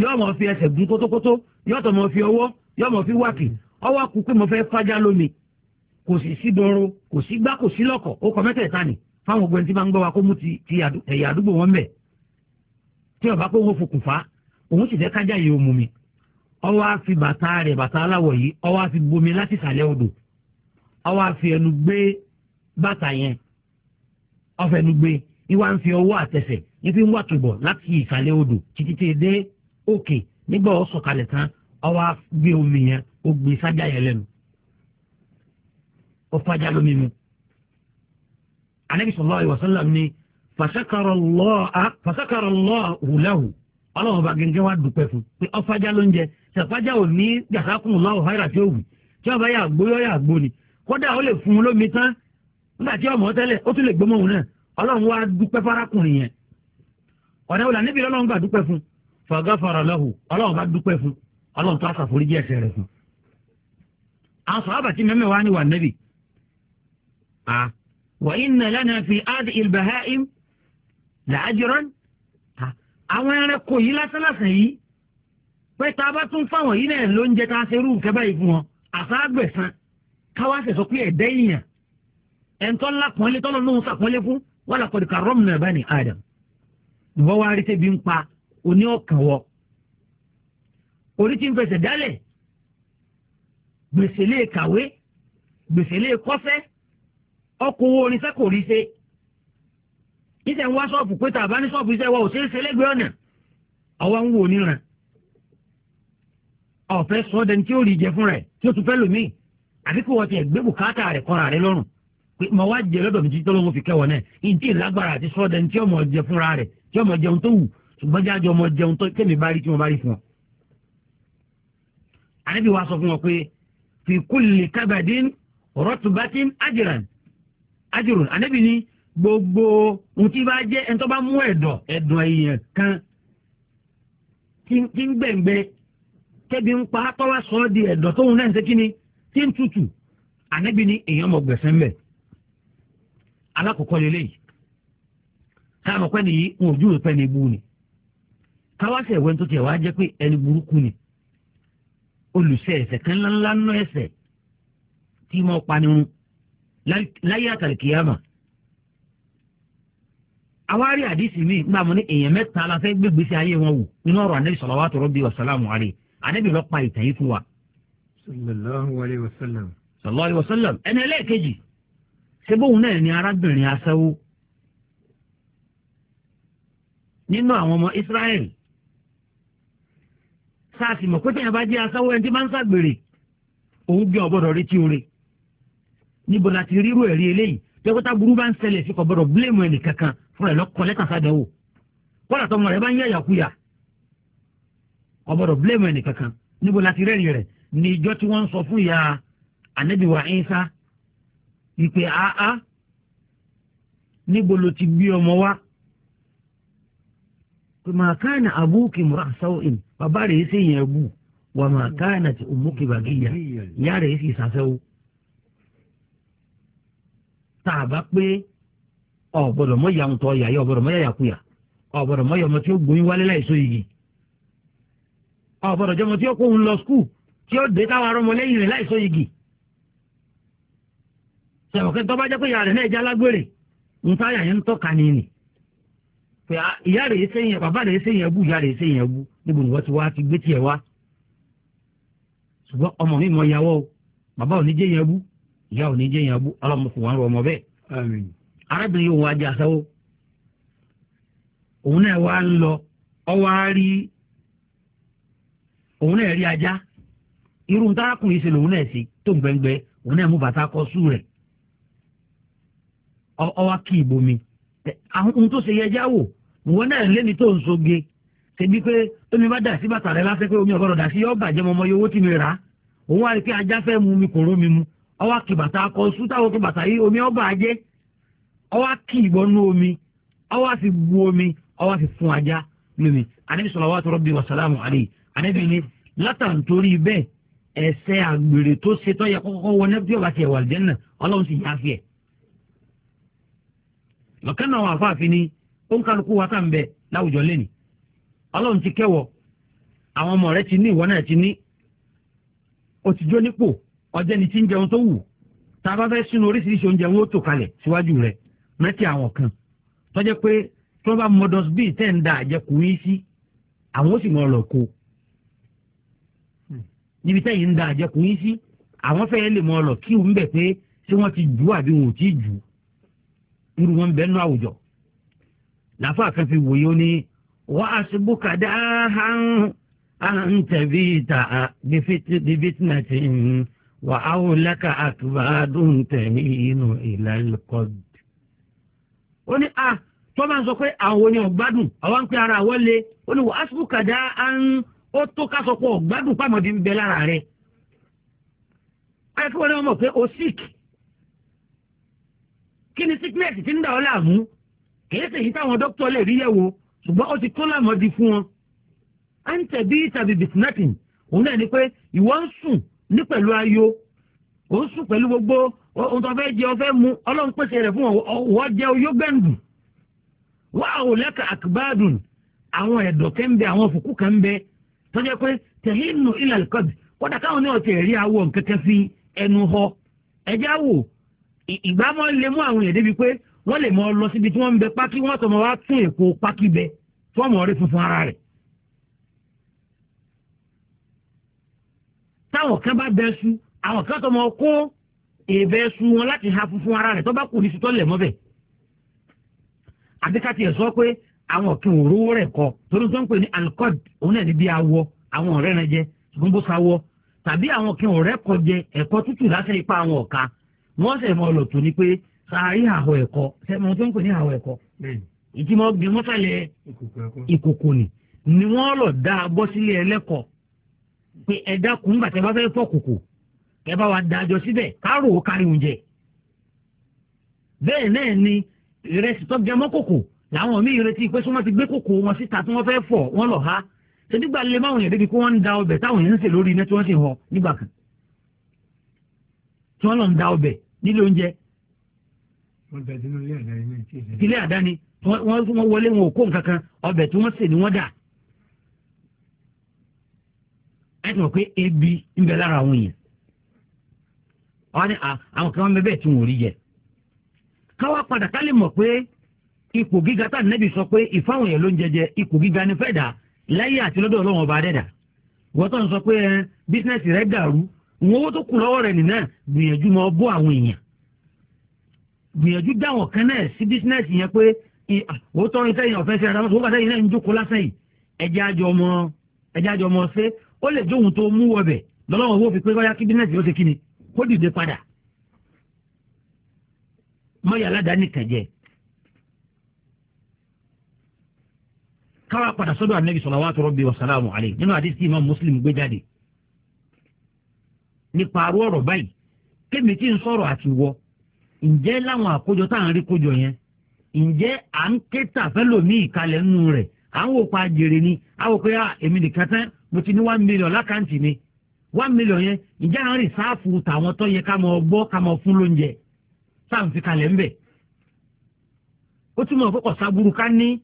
yóò mọ̀ fi ẹsẹ̀ gún kótókótó yóò tọ̀ mọ̀ fi ọwọ́ yóò mọ̀ fi wákì ọwọ́ kú pé mo fẹ́ fájá lómi kò sì sí dọrọ kò sí gbá kò sí lọ́kọ̀ ó kọ mẹ́tẹ̀ẹ̀ta ni fáwọn ogun tí máa ń gbọ́ wa kó mú ti ẹ̀yà àdúgbò wọn bẹ́ẹ̀ tí ọba kó wọn fokùn fa òun sì fẹ́ kájà yìí ó mú mi ọwọ́ á fi bàtà rẹ̀ bàtà aláwọ̀ yìí ọwọ́ á fi bomi láti ìsàlẹ̀ odò ọwọ́ á fi ẹnu gbé bàtà yẹn ọfẹ́ ẹnu gbé ìwà ń fi ọwọ́ àtẹsẹ̀ ní fi ń wà tòbọ̀ láti ìsàlẹ̀ odò títí tẹ dé òkè nígbà ó sọ̀kalẹ̀ tán ọwọ́ á gbé omi yẹn ó gbé sájà yẹn lẹ́nu ó fàjà lómi mu anabi sallallahu alaihi ni fàṣàkàrọ̀ lọ́ọ̀ lẹ́hù ọlọ́run bá gẹ́gẹ́ wá dúpẹ́ fún pé ọfájá ló ń jẹ ṣàfájá ò ní jàsákùn láwọ̀ fáyà tí ó wù tí ọba yà gbó yọ yà gbó ni kódà ó lè fún un lómi tán nígbà tí ọmọ tẹ́lẹ̀ ó tún lè gbọ́mọ òun náà ọlọ́run wá dúpẹ́ fárákùnrin yẹn ọ̀rẹ́ wò lànà ibi ọlọ́run gbà dúpẹ́ fún fàgáfàrà lọ́hù ọlọ́run làájọrán àwọn ẹranko yìí lásánlásán yìí pé tá a bá tún fáwọn yìí náà lóúnjẹ tá a ṣe irú nǹkan báyìí fún wọn àfáàgbẹ̀sán káwá sẹ̀sọ pé ẹ̀dá èèyàn ẹ̀ńtọ́ ńlá pọ́nlé tọ́lọ́ lóhun sàpọ́nlé fún wọ́n làkọ̀dù kàrọ́ọ̀mù náà bá ní Adam ìwọ́ wa rí tẹ́bi ń pa oní ọ̀kàn wọ orí tí ń fẹsẹ̀ dálẹ̀ gbèsè lè kàwé gbèsè lé kọ́fẹ́ ọkọ̀ owó orin sẹ́kọ̀ọ́rí ṣe iṣẹ́ ń wá ṣọ́ọ̀bù pé tàbá ní ṣọ́ọ̀bù iṣẹ́ wa ò ṣeé ṣe lẹ́gbẹ̀ẹ́ ọ̀nà àwa ń wò níran ọ̀fẹ́ sọ dẹni tí ó rí jẹ fúnra ẹ̀ tí ó tún fẹ́ lòmíì àbí kí wọ́n ti ẹ̀gbẹ́ bùkátà rẹ̀ kọ́ra rẹ̀ lọ́rùn pé mọ̀ wá jẹ lọ́dọ̀ mi títí ọlọ́run fi kẹwọ́ náà ìdí ìlágbára àti sọ dẹni tí ọmọ jẹ fúnra rẹ̀ tí ọmọ jẹun tó wù ṣùgbọ́n jájọ ọmọ jẹun tó tẹ̀mí bá rí tí wọ́n bá rí fún ọ. àníbi wa sọ fún wọn pé fi kulli kabadin rọtubatin ajiran àníbi ni gbogbo ohun tí bá jẹ́ ẹni tó bá mú ẹ̀dọ̀ ẹ̀dọ̀ èèyàn kan tí ń gbẹ̀ngbẹ́ kẹ́bi ń pa tọ́wá sọ di ẹ̀dọ̀ tóun náà ń ṣe kíni tí ń tutù ànábi ni èèyàn mọ̀ gbẹ̀sẹ̀ mbẹ̀ alákọ̀ọ́kọ́ lélẹ́yìí táwọn ọ̀pẹ́ nìyí ń ojú ìpẹ́ ní ibú ni káwáṣẹ̀ ìwé tó tiẹ̀ wá jẹ́ pé ẹni burúkú ni olùṣe ẹ̀ṣẹ̀ kan ńláńlá nú ẹ̀ṣẹ̀ tí mo pa nínú láyé àtàlẹ́kìyàmà awari àdìsí mi nígbà mo ní èèyàn mẹ́ta la fẹ́ gbé gbèsè ayé wọn wò nínú ọ̀rọ̀ anabi salawatu rabbi wa salamu alayhi anabi lọ pa ìtàn yìí fún wa. sallallahu alayhi wa sallam. sallallahu alayhi wa sallam ẹni ẹlẹ́ẹ̀kejì ṣé bóun náà ni arábìnrin aṣẹ́wó nínú àwọn ọmọ Israel sáàsì mọ̀ pé tẹ̀yìn bá jẹ́ aṣẹ́wó ẹni tí máa ń ṣàgbèrè òun gbé ọ̀bọ̀dọ̀ retí oore níbo la ti rírú ẹ̀rí eléyìí tẹ́kọ́tà burú bá ń ṣẹlẹ̀ sí kọ̀ bọ́dọ̀ bílẹ̀mù ẹnì kankan fúnra ẹ̀ lọ́kọ lẹ́tà sádẹ́wò kọ́lá tọmọ rẹ̀ bá ń yẹ yàkuyà ọ̀bọ̀dọ̀ blame ẹnì kankan níbo láti rẹ́rìn rẹ̀ ní ìjọ tí wọ́n ń sọ fún ìyá ànábìwá ẹ̀ńsá ìpè àá níbo ló ti gbé ọmọ wa ma kana abuki murasawin bàbá rẹ̀ sì yẹn bù wà ma ti umuki bagiya ìyá rẹ̀ sì sàfẹ́wò tá pé ọ̀gbọ́dọ̀ mọ ìyá ń tọ́ ìyá yẹ ọ̀gbọ́dọ̀ mọ yàyà kuyà ọ̀gbọ́dọ̀ mọ ìyọmọ tí ó gbóyún wálé láìsọ yìí ọ̀gbọ́dọ̀ jọmọ tí ó kó òun lọ skul tí ó dé táwọn arọmọ lẹ́yìn rẹ̀ láìsọ yìí sọ̀rọ̀kẹ́ tó bá jẹ́ pé ìyá rẹ̀ náà jẹ́ alágbèrè ń tá àyà yẹn ń tọ́ka ní ni pé ìyá rẹ̀ ṣe yẹn bàbá rẹ̀ ṣe yẹn bú ìyá rẹ̀ ṣe yẹn bú ni wọ́n ti wá ti gbé tiẹ̀ yẹn bú ìyá arábìnrin yóò wá jẹ àsáwó òun náà wá ń lọ ọwọ́ á rí òun náà rí ajá irú tárakùnrin ṣe lòun náà ṣe tó ń gbẹngbẹ òun náà mú bàtà kọ sùn rẹ̀ ọwọ́ kì í ohun tó ṣe yẹ já wò wọn náà tó ń soge pé omi bá dà sí bàtà omi dà sí yọ bàjẹ́ mọ́mọ́ ajá ọwọ́ kí ìbọnú omi ọwọ́ sì bu omi ọwọ́ sì fún ajá lómi anabi salawatu rabbi wa salamu alayhi anabi ni látàntorí bẹ́ẹ̀ ẹ̀ṣẹ̀ àgbèrè tó ṣe tó yẹ kọ́kọ́ wọ nẹ́bí ọba ti ẹ̀wà àlùjẹ́nà ọlọ́run sì yá fi ẹ̀. lọ́kàn náà wà fáàfin ni ó ń kálukú wa tá à ń bẹ láwùjọ lẹ́nu ọlọ́run ti kẹ́wọ̀ àwọn ọmọ rẹ ti ní ìwọ náà ti ní o nípò ọjọ́ ni ti ń jẹun tó wù tá a bá fẹ́ sínú oríṣiríṣi oúnjẹ wọn ó tò kalẹ̀ síwájú rẹ̀ rántí àwọn kan tọ́jẹ́ pé tí wọ́n bá mọ́dọ́s bíi tẹ́ ń da àjẹkù yín sí àwọn ó sì mọ̀ ọ̀rọ̀ kó níbi tẹ́yìn ń da àjẹkù yín sí àwọn fẹ́ẹ́ lè mọ̀ ọ̀rọ̀ kí òun bẹ̀ pé ṣé wọ́n ti jù àbí wọn ò tí ì jù irú wọn bẹ́ẹ̀ nú àwùjọ làáfà kan wòye ó ní wọ́n aṣubú kàdá hàn tẹ̀bí ìta bífitìnàtì wà áwòlákà àtúbà tẹ̀mí inú ìlà ìkọ́dù ó ní a ah, tó bá ń sọ pé àwọn ni ọ̀gbádùn àwọn ń pe ara àwọn le ó ní wà á sùn kàdá à ń ó tó ká sọ pé ọ̀gbádùn pàmòdì ń bẹ lára rẹ̀ ayé kí wọ́n ní wọ́n mọ̀ pé o sick kí ni sickness ti ń dà ọ́ láàmú kì í sì táwọn dókítà lè rí yẹ̀wò ṣùgbọ́n ó ti tó lámọ̀dí fún wọn à ń tẹ̀bí tàbí bìtìnátì òun náà ni pé ìwọ ń sùn ní pẹ̀lú ayo kò sùn pẹ̀lú gbogbo ohun tó fẹ́ jẹ ọ fẹ́ mu ọlọ́run pèsè rẹ̀ fún ọwọ́ jẹ oyó gbẹ̀ǹdù wá ò lẹ́ka àkùbádùn àwọn ẹ̀dọ̀ kẹ́ ń bẹ àwọn fùkú kan ń bẹ tọ́jà pé tẹ̀hínù ilẹ̀ kọ́dì kódà káwọn ní ọ̀tẹ̀ rí awọ nkẹ́kẹ́ fi ẹnu họ ẹjẹ́ wò ìgbàmọ́ lè mú àwọn èdè bíi pé wọ́n lè mọ lọ síbi tí wọ́n ń bẹ pákí wọ́n tọmọ wá tún èkó pákí bẹ tí wọ́n funfun ara rẹ̀. táwọn kan bá bẹ sùn àwọn kan tó mọ kó èèbẹ su wọn láti ha funfun ara rẹ̀ tó bá kù ní sutọ́ lẹ̀ mọ́bẹ̀ àbíkàtì ẹ̀ sọ pé àwọn kí rówó rẹ̀ kọ torí tó pè ní alcod òun náà ní bí awọ àwọn ọ̀rẹ́ rẹ jẹ ṣùgbọ́n bó tàbí àwọn ọ̀rẹ́ kọ jẹ ẹ̀kọ́ tútù lásán àwọn ọ̀ka wọ́n sì a bọ́ sílé ẹlẹ́kọ̀ọ́ ẹ bá wa dájọ́ síbẹ̀ káàrò ó kárí oúnjẹ bẹ́ẹ̀ náà ni ìrẹsì tó jẹ mọ́kòkò làwọn míì retí pé sọ́mọ́ ti gbé kòkò wọn síta tí wọ́n fẹ́ fọ̀ wọ́n lọ ha ṣèdígbà lè máwọn yẹn débi kí wọ́n ń da ọbẹ̀ táwọn yẹn ń sè lórí iná tí wọ́n sì họ nígbà kan tí wọ́n lọ ń da ọbẹ̀ nílé oúnjẹ. wọ́n bẹ̀ sínú ilé àdáni náà tí ì ilé àdáni wọ́n wọlé wọn ò kó nǹkan kan ọbẹ̀ tí wọ́n sè ni wọ́n dà. ẹ ti mọ̀ pé ebi ń bẹ lára àwọn yẹn wọ́n ní ah, àwọn kan bẹ́ẹ̀ tí wọ́n rí jẹ. káwá padà ká lè mọ̀ pé ipò gíga tá nẹ́bí sọ pé ìfáwọn èèyàn ló ń jẹjẹ ipò gíga ni fẹ́ dà láyé àti lọ́dọ̀ ọlọ́run ọba adẹ́dà. wọ́n tọ́ ń sọ pé eh, bísínẹ́sì rẹ̀ dàrú ìwọ̀n owó tó kù lọ́wọ́ rẹ̀ nìyẹn gbìyànjú mọ́ bọ́ àwọn èèyàn. gbìyànjú dáwọn kan náà sí bísínẹ́sì yẹn pé òótọ́ iṣẹ́ yẹn ọ̀fẹ́ sẹ́ra dámọ́sọ́ wọ́n sẹ́yìn náà ń jókòó lásán yìí ẹja àjọmọ́ ẹja àjọmọ́ ṣe ó lè kó dìde padà mọ́yà aládàáni kẹ̀jẹ́ káwá padà na anabi salawatu rabbi wa salamu alayhi nínú àdìsí imam muslim gbé jáde nípa arú ọ̀rọ̀ báyìí kémi tí ń sọ̀rọ̀ àti wọ ǹjẹ́ láwọn àkójọ tá à ń rí kójọ yẹn ǹjẹ́ à ń ké tàfẹ́lò ní nù à ń wò pa jèrè ni one million yẹn ìjà àwọn rìsáàfù tàwọn tó yẹ ká mọ gbọ́ ká mọ fún lóúnjẹ sáǹfì kalẹ̀ ń bẹ̀. ó túmọ̀ pé ọ̀sàbùrù ká ní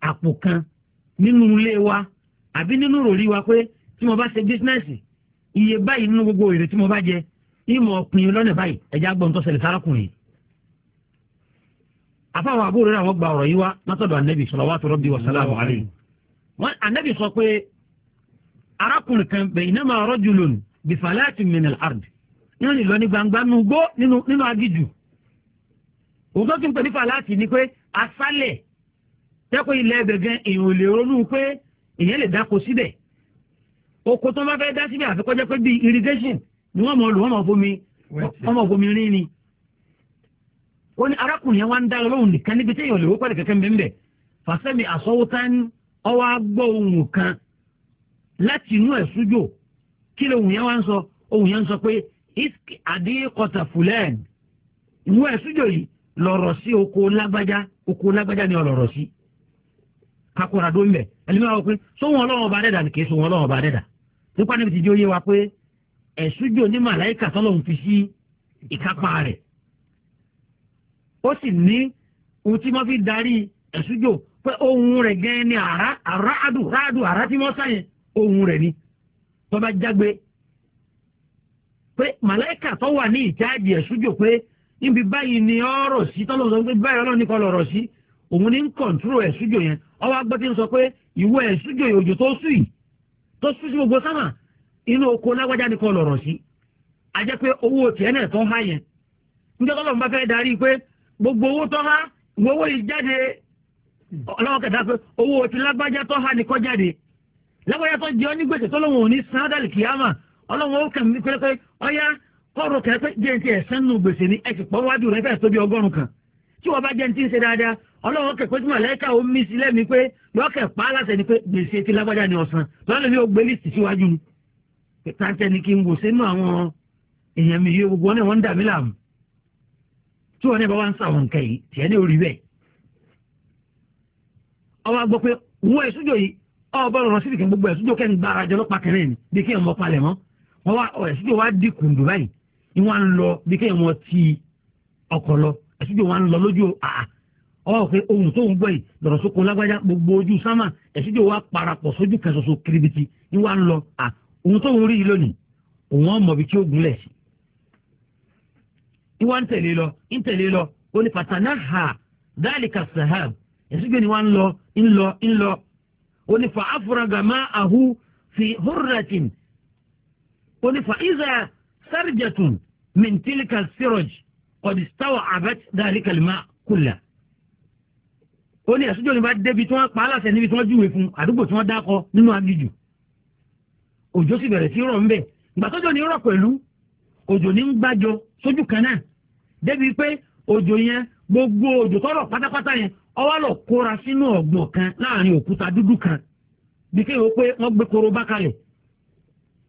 àpò kan nínú ilé wa àbí nínú ròrí wa pé tí mo bá ṣe bísínẹ́sì iye báyìí nínú gbogbo èrè tí mo bá jẹ ìmọ̀ ọ̀pìn lọ́nà báyìí ẹ̀já gbọ́n tó ṣẹlẹ̀ sárakùnrin. àfàwọn àbúrò rẹ̀ àwọn gba ọ̀rọ̀ yìí wá látọ̀dọ̀ ànẹ́bì salawatu rabbi wa salamu alayhi. ànẹ́bì sọ pé arákùnrin kan bẹ̀ ìnáma rọ́jùlùn bìfàláàtì mìnàl ard ní wọn lọ ní gbangba nù gbó nínú agíjù òótọ́ tún pè ní fàláàtì ni pé asálẹ̀ tẹ́kọ̀ ilẹ̀ ẹgbẹ̀gẹ́ èèyàn ò lè ronú pé èèyàn lè dáko síbẹ̀ oko tó bá fẹ́ dá síbẹ̀ àfikọ́ jẹ́ pé bíi irrigation ni wọ́n mọ̀ lò wọ́n mọ̀ fomi wọ́n mọ̀ fomi rí ni ó ní arákùnrin yẹn wá ń dá lọ́wọ́ nìkan níbi tí èèyàn lè wọ́pẹ́ kẹ́kẹ́ mbẹ́mbẹ́ fàṣẹ́mi àsọ́wọ́tán ọwọ́ agbọ́ ohun kan láti inú ẹ̀ sújò kí lóhùn yẹn wá ń sọ ohùn yẹn ń sọ pé iski adékọta fúlẹ́ẹ̀n inú ẹ̀ sújò yìí lọ̀rọ̀ sí oko lágbájá oko lágbájá ni ọ̀rọ̀ sí kakura dó mbẹ ẹlẹmi àwọn pé sóhun ọlọ́wọ́n ọba dẹ́dà ni kì í sóhun ọlọ́wọ́n ọba dẹ́dà nípa níbi tí di oyé wa pé ẹ̀sùjò ní màláìkà tọ́lọ́hún fi sí ìkápá rẹ̀ ó sì ní ohun tí wọ́n fi darí ẹ̀sùjò pé ohun rẹ̀ gẹ́gẹ́ ni àrá àrá àdù ráàdù àrá tí wọ́n sáyẹn ohun rẹ ni tó bá jágbe pé màláìkà tó wà ní ìjáàjì ẹ̀sùjò pé níbi báyìí ni ọ̀rọ̀ sí tọ́lọ́ sọ pé báyìí ọlọ́run sí òun ní ń kọ̀ǹtúrò ẹ̀sùjò yẹn ọwọ́ ti ń sọ pé ìwọ ẹ̀sùjò tó yìí tó gbogbo sama inú oko lágbájá ní kọ́ lọ́rọ̀ sí ajẹ́ pé owó tiẹ̀ náà tó há yẹn fẹ́ darí gbogbo owó tó há owó yìí jáde ọlọ́wọ́ kẹta pé owó ti lágbájá tó há lágbáyà tó jẹ́ onígbèsè tó lóun ò ní san ádàlì kìyàmà ọlọ́run ó kàn mí pẹ́lẹ́pẹ́ ọ̀yá kọ́ọ̀rọ̀ kẹ́pẹ́ jẹ́ ti ẹ̀sán nù gbèsè ni ẹ ti pọ̀ wájú rẹ fẹ́ẹ́ tóbi ọgọ́rùn kan tí wọ́n bá jẹ́ ti ń ṣe dáadáa ọlọ́run kẹ̀kọ́ tí màlẹ́kà ó mí sí lẹ́mi pé lọ́kẹ̀ pa á ni pé gbèsè ti lágbájá ni ọ̀sán lọ́nà mi ò gbé lìsì síwájú ni tàǹtẹ̀ ni kí n wò sínú àwọn èèyàn mi yé gbogbo wọn náà wọ́n ń dà mí láàmú ọwọ́ agbọ́ wọ́n ẹ̀ sójò yìí ọba ọ̀rọ̀ sí ìdìkan gbogbo ẹ̀sùn jókè ń gba arajọ lọ́pàá kẹrin ni bí kéèyàn mọ palẹ̀ mọ́ wọn wá ẹ̀sùn jò wá di kùndù báyìí ni wọ́n ń lọ bí kéèyàn mọ ti ọkọ̀ lọ ẹ̀sùn jò wá ń lọ lójú àà ọ̀hún pé ohun tó ń gbọ́ yìí lọ̀rọ̀ sóko lágbájá gbogbo ojú sámà ẹ̀sùn jò wá parapọ̀ sójú kẹsọ̀sọ kiribiti ni wọ́n ń lọ à ohun tó ń rí yìí lónìí òun ọmọ bí tí ó gúnlẹ̀ sí. ni wọ́n ń tẹ̀lé lọ ń tẹ̀lé lọ onípàtàná ha dáàlì kàṣàhàb ẹ̀sùn jò ni wọ́n ń lọ ó ní fa afuraga máa ahu fi hurratin ó ní fa iza sarjatun min tilka siroj qad stawa abat dhalika alma kulla ó ní àsúnjọ́ ni bá débi tí wọ́n pa aláṣẹ níbi tí wọ́n júwe fún àdúgbò tí wọ́n dákọ nínú aginjù òjò sì bẹ̀rẹ̀ sí rọ̀ ń bẹ̀ gbàtọ́jọ́ ni rọ̀ pẹ̀lú òjò ní ń gbàjọ sójú kan náà débi pé òjò yẹn gbogbo òjò tọrọ pátápátá yẹn ọwọ́ lọ kóra sínú ọ̀gbọ̀n kan láàrin òkúta dúdú kan bí kéwòn pé wọ́n gbé koro bákàlẹ̀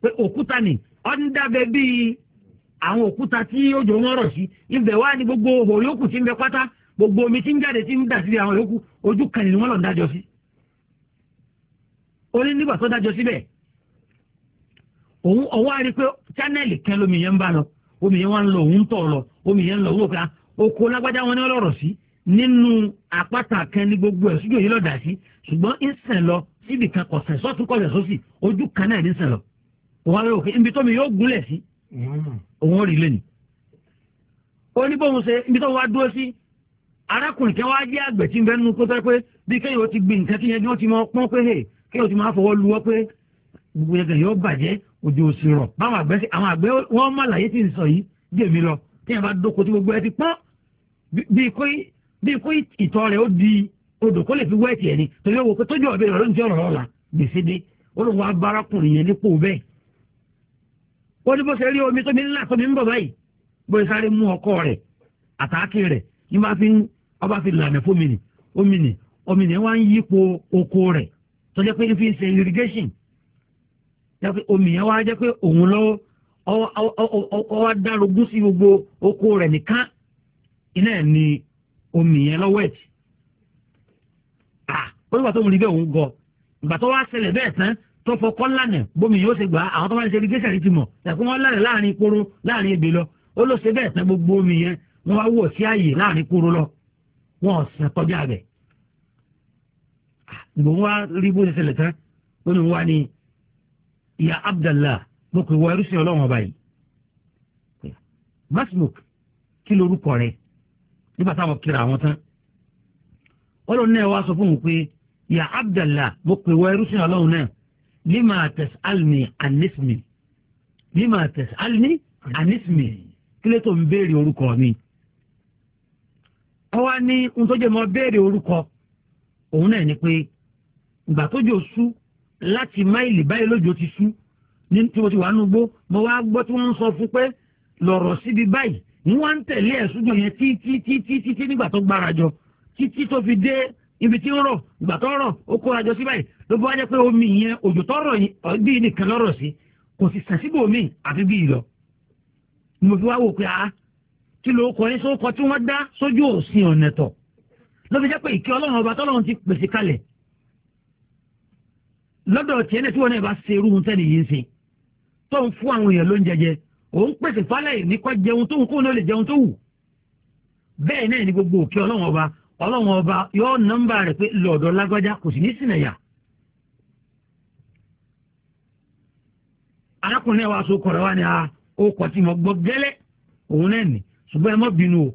pé òkúta ni ọ́ ń dábẹ́ bíi àwọn òkúta tí òjò wọn rọ̀ sí ibẹ̀ ní gbogbo òhò yòókù ti ń bẹ pátá gbogbo omi ti ń jáde ti ń dà àwọn ni wọ́n lọ dájọ́ sí. ó ní nígbà tó dájọ́ síbẹ̀ òun pé lọ omi yẹn wá ń lọ òun tọ̀ omi yẹn ń lọ òun nínú àpáta kan ní gbogbo ẹ̀ sójú èyí lọ́dà sí ṣùgbọ́n ń sàn lọ síbi kan kọ̀sẹ̀ sọ́tún kọ̀sẹ̀ sósì ojú kan náà ní sàn lọ. wọ́n rẹ òkè ibi tómi yóò gúnlẹ̀ sí òun rí lẹ́nu. ó ní bóun ṣe ibi tó wá dúró sí arákùnrin kan wá jẹ́ àgbẹ̀ tí ń bẹ́ nínú kó tẹ́ pé bí kéèyàn ó ti gbin nǹkan kí yẹn kí wọ́n ti máa pọ́n pé kéèyàn ó ti máa fọwọ́ lu wọ́ pé gbogbo yẹn yóò bàjẹ́ òjò òsì rọ̀ báwọn àgbẹ̀ àwọn àgbẹ̀ wọ́n mọ̀ láyé tí ń sọ yìí jèmi lọ tí yẹn bíi kó ìtọ̀ rẹ̀ ó di odò kó lè fi wẹ́ ẹ̀tì ẹ̀ ni torí owó pé tójú ọ̀bẹ rẹ̀ ló ń jẹ́ ọ̀rọ̀ ọ̀la gbèsè dé olùwà abárakùnrin yẹn nípò bẹ́ẹ̀. ní bó ṣe rí omi tómi ńlá tómi ń bọ̀ báyìí bó ṣe sáré mú ọkọ rẹ̀ àtàkì rẹ̀ ní bá fi ọba fi lànà fómi nì omi omi nì wá ń yípo oko rẹ̀ fi irrigation omi yẹn lọ́wọ́ ẹ̀ ah ó nígbà tó ń rí bẹ́ẹ̀ òun gọ ìgbà tó wá ṣẹlẹ̀ bẹ́ẹ̀ tán tó fọkọ́ lànà bómi yóò ṣe gbà á àwọn tó máa ń ṣe irrigation rí ti mọ̀ ẹ̀kún wọn lànà láàrin kóró láàrin ebè lọ ó ló ṣe bẹ́ẹ̀ tán gbogbo omi yẹn wọ́n wá wọ̀ sí àyè láàrin kóró lọ wọ́n ọ̀sán kọjá rẹ̀ ìgbò wọn wá rí bó ṣe ṣẹlẹ̀ tán ó ní wá ní ìyá Abdallah mo wọ ẹrú sí ọlọ́run ọba yìí masmuk kí lorúkọ rẹ̀ nígbà táwọn kíra àwọn tán ọlọ́run náà wá sọ fún mi pé ya abdallah mo pè wọ ẹrú sí ọlọ́run náà lima tẹ̀sálmi anismi lima tẹ̀sálmi anismi kílẹ̀ tó ń béèrè orúkọ mi ọ wá ní ohun tó jẹ́ mọ́ béèrè orúkọ òun náà ni pé ìgbà tó jò sú láti máìlì báyìí lójó ti sú ní tí mo ti wà nùgbó mo wá gbọ́ tí wọ́n ń sọ fún pé lọ̀rọ̀ síbi báyìí wọ́n wá ń tẹ̀lé ẹ̀sùn jọ yẹn títítítítí nígbà tó gbára jọ títí tó fi dé ibi tí ń rọ̀ ìgbà tó rọ̀ ó kóra jọ sí báyìí ló bá jẹ́ pé omi yẹn òjò tó rọ̀ bí nìkan lọ́rọ̀ sí kò sì sàn síbò míì àfi bí ìlọ. mo fi wá wò pé a ah, kí ló kọ ní sókọ tí wọ́n dá sójú òsìn ọ̀nà tọ̀ ló fi jẹ́ pé ìkẹ́ ọlọ́run ọba tọ́lọ́run ti pèsè kalẹ̀ lọ́dọ̀ tiẹ̀ náà tí wọ́n náà bá ṣe irú òun pèsè fálẹ̀ nípa jẹun tó wù kóun náà lè jẹun tó wù bẹ́ẹ̀ náà ni gbogbo òkè ọlọ́run ọba ọlọ́run ọba yóò nọ́mbà rẹ̀ pé lọ́ọ̀dọ̀ lágbájá kò sì ní sìnàyà. arákùnrin wa so kọ̀rọ̀ wa ni a ó kọ̀ tí mo gbọ́ gẹ́lẹ́ òun náà nì ṣùgbọ́n ẹ má bínú o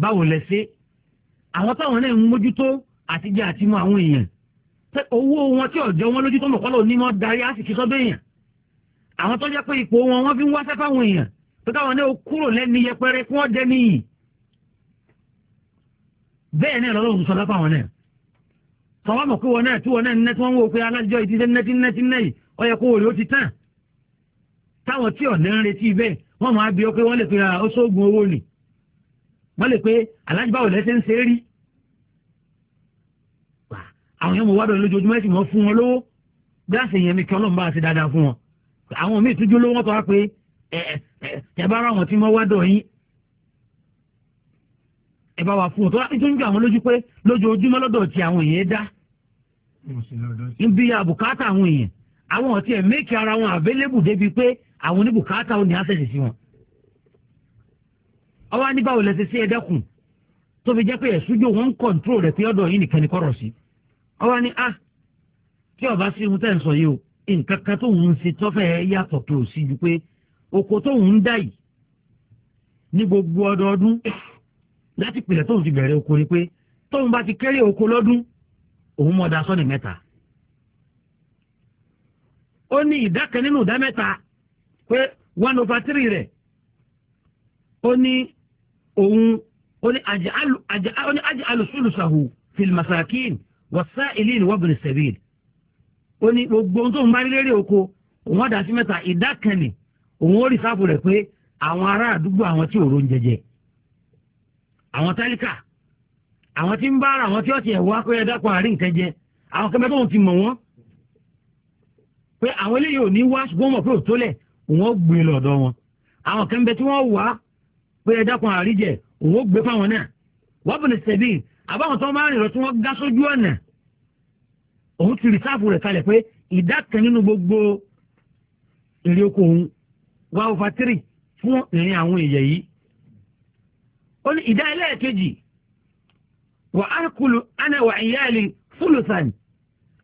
báwo lẹ ṣe àwọn táwọn náà ń mójútó àtijọ́ àti mọ àwọn èèyàn owó wọn tí ọ̀jọ́ wọn lójútó mọ̀kọ́lọ́ ní mọ́ darí àsìkí sọ́dọ̀ àwọn tó jẹ́ pé ipò wọn wọ́n fi ń wáṣẹ́ fáwọn èèyàn tó káwọn náà kúrò lẹ́ni yẹpẹrẹ kí wọ́n jẹ́ níyì bẹ́ẹ̀ náà lọ́lọ́run sọ lápá wọn náà sọwọ́n mọ̀ pé wọn náà tí wọn náà nẹ́tí wọ́n wò pé alájọ ìdílé nẹ́tí nẹ́tí nẹ́yì ó yẹ kó orí ó ti tàn táwọn tí ọ̀nà ń retí bẹ́ẹ̀ wọ́n máa bí ọ pé wọ́n lè pe ó sóògùn owó nì wọ́n lè pe alájọbáwò lẹ́sẹ̀ ń ṣe é rí àwọn yẹn mo wá dọ̀ lójoojúmọ́ ẹ̀sìn mọ́ fún wọn lówó bí àṣeyẹn mi kí ọlọ́run bá ṣe dáadáa fún wọn àwọn míì tún jólówó wọn tó wá pé ẹ ẹ ẹ bá ara wọn tí wọn wá dọ̀ yín ẹ bá wa fún un tó wá nítorí àwọn lójú pé lójoojúmọ́ lọ́dọ̀ tí àwọn èèyàn dá níbi àbùkátà àwọn èèyàn àwọn ọ̀tí ẹ̀ méèkì ara wọn àbélébù débi pé àwọn oníbùkátà ò ní àṣẹ̀ṣẹ̀ sí wọn. ọwọ́ ní báwo lẹ́sẹ̀ sí ẹ̀dẹ́kùn tó fi jẹ́ pé ẹ̀sùjò wọn ń kọ̀ǹtró rẹ̀ pé ọ̀dọ̀ yìí nìkan ni kọ̀rọ̀ sí. ọwọ́ ní a ah, tí ọba sí irun tẹ́ ń sọ yìí o nǹkan kan tó ń ṣe tọ́fẹ̀ yàtọ̀ tó sí ju pé oko tó ń dá yìí ní gbogbo ọdọọdún láti pìlẹ̀ tó ń ti bẹ̀rẹ̀ oko ni pé tóun bá ti kéré oko lọ́dún òun mọ̀ da sọ́ni mẹ́ta ó ní ìdá kan nínú ìdá mẹ́ta pé one over three rẹ̀ ó ní òun ó ní àjẹ alùsùlùsàhù fìlmàsàkín wàsá ìlú ìwọ́bìnrin sẹ̀bìlì ó ní gbogbo ohun tó ń bá rí lérè oko òun ọ̀dà sí mẹ́ta ìdá kan ni òun ó rí sáfù rẹ̀ pé àwọn ará àdúgbò àwọn tí òró ń jẹjẹ àwọn tálíkà àwọn tí ń bá ara àwọn tí ọ̀sẹ̀ ẹ̀wọ́ akọ́yẹ dákọ̀ àárín nǹkan jẹ àwọn kẹmẹ́ tó ń ti mọ̀ wọ́n pé àwọn eléyìí ò ní wá ṣùgbọ́n mọ̀ pé ò tó lẹ̀ òun ó gbé lọ́dọ̀ wọn àwọn kẹmẹ́ tí wọ́n wá pé ẹ àárín jẹ òun ó gbé fáwọn náà wọ́n bọ̀ sẹ́bìn àbáwọn tó máa rìn lọ tí wọ́n gá sójú ọ̀nà òun ti rìsáàfù rẹ̀ kalẹ̀ pé ìdá kan nínú gbogbo èrè oko òun wá ọfà tírì fún ìrìn àwọn èèyàn yìí ó ní ìdá ẹlẹ́ẹ̀kejì wà á kulu ana wà ìyáàlì fúlùsàn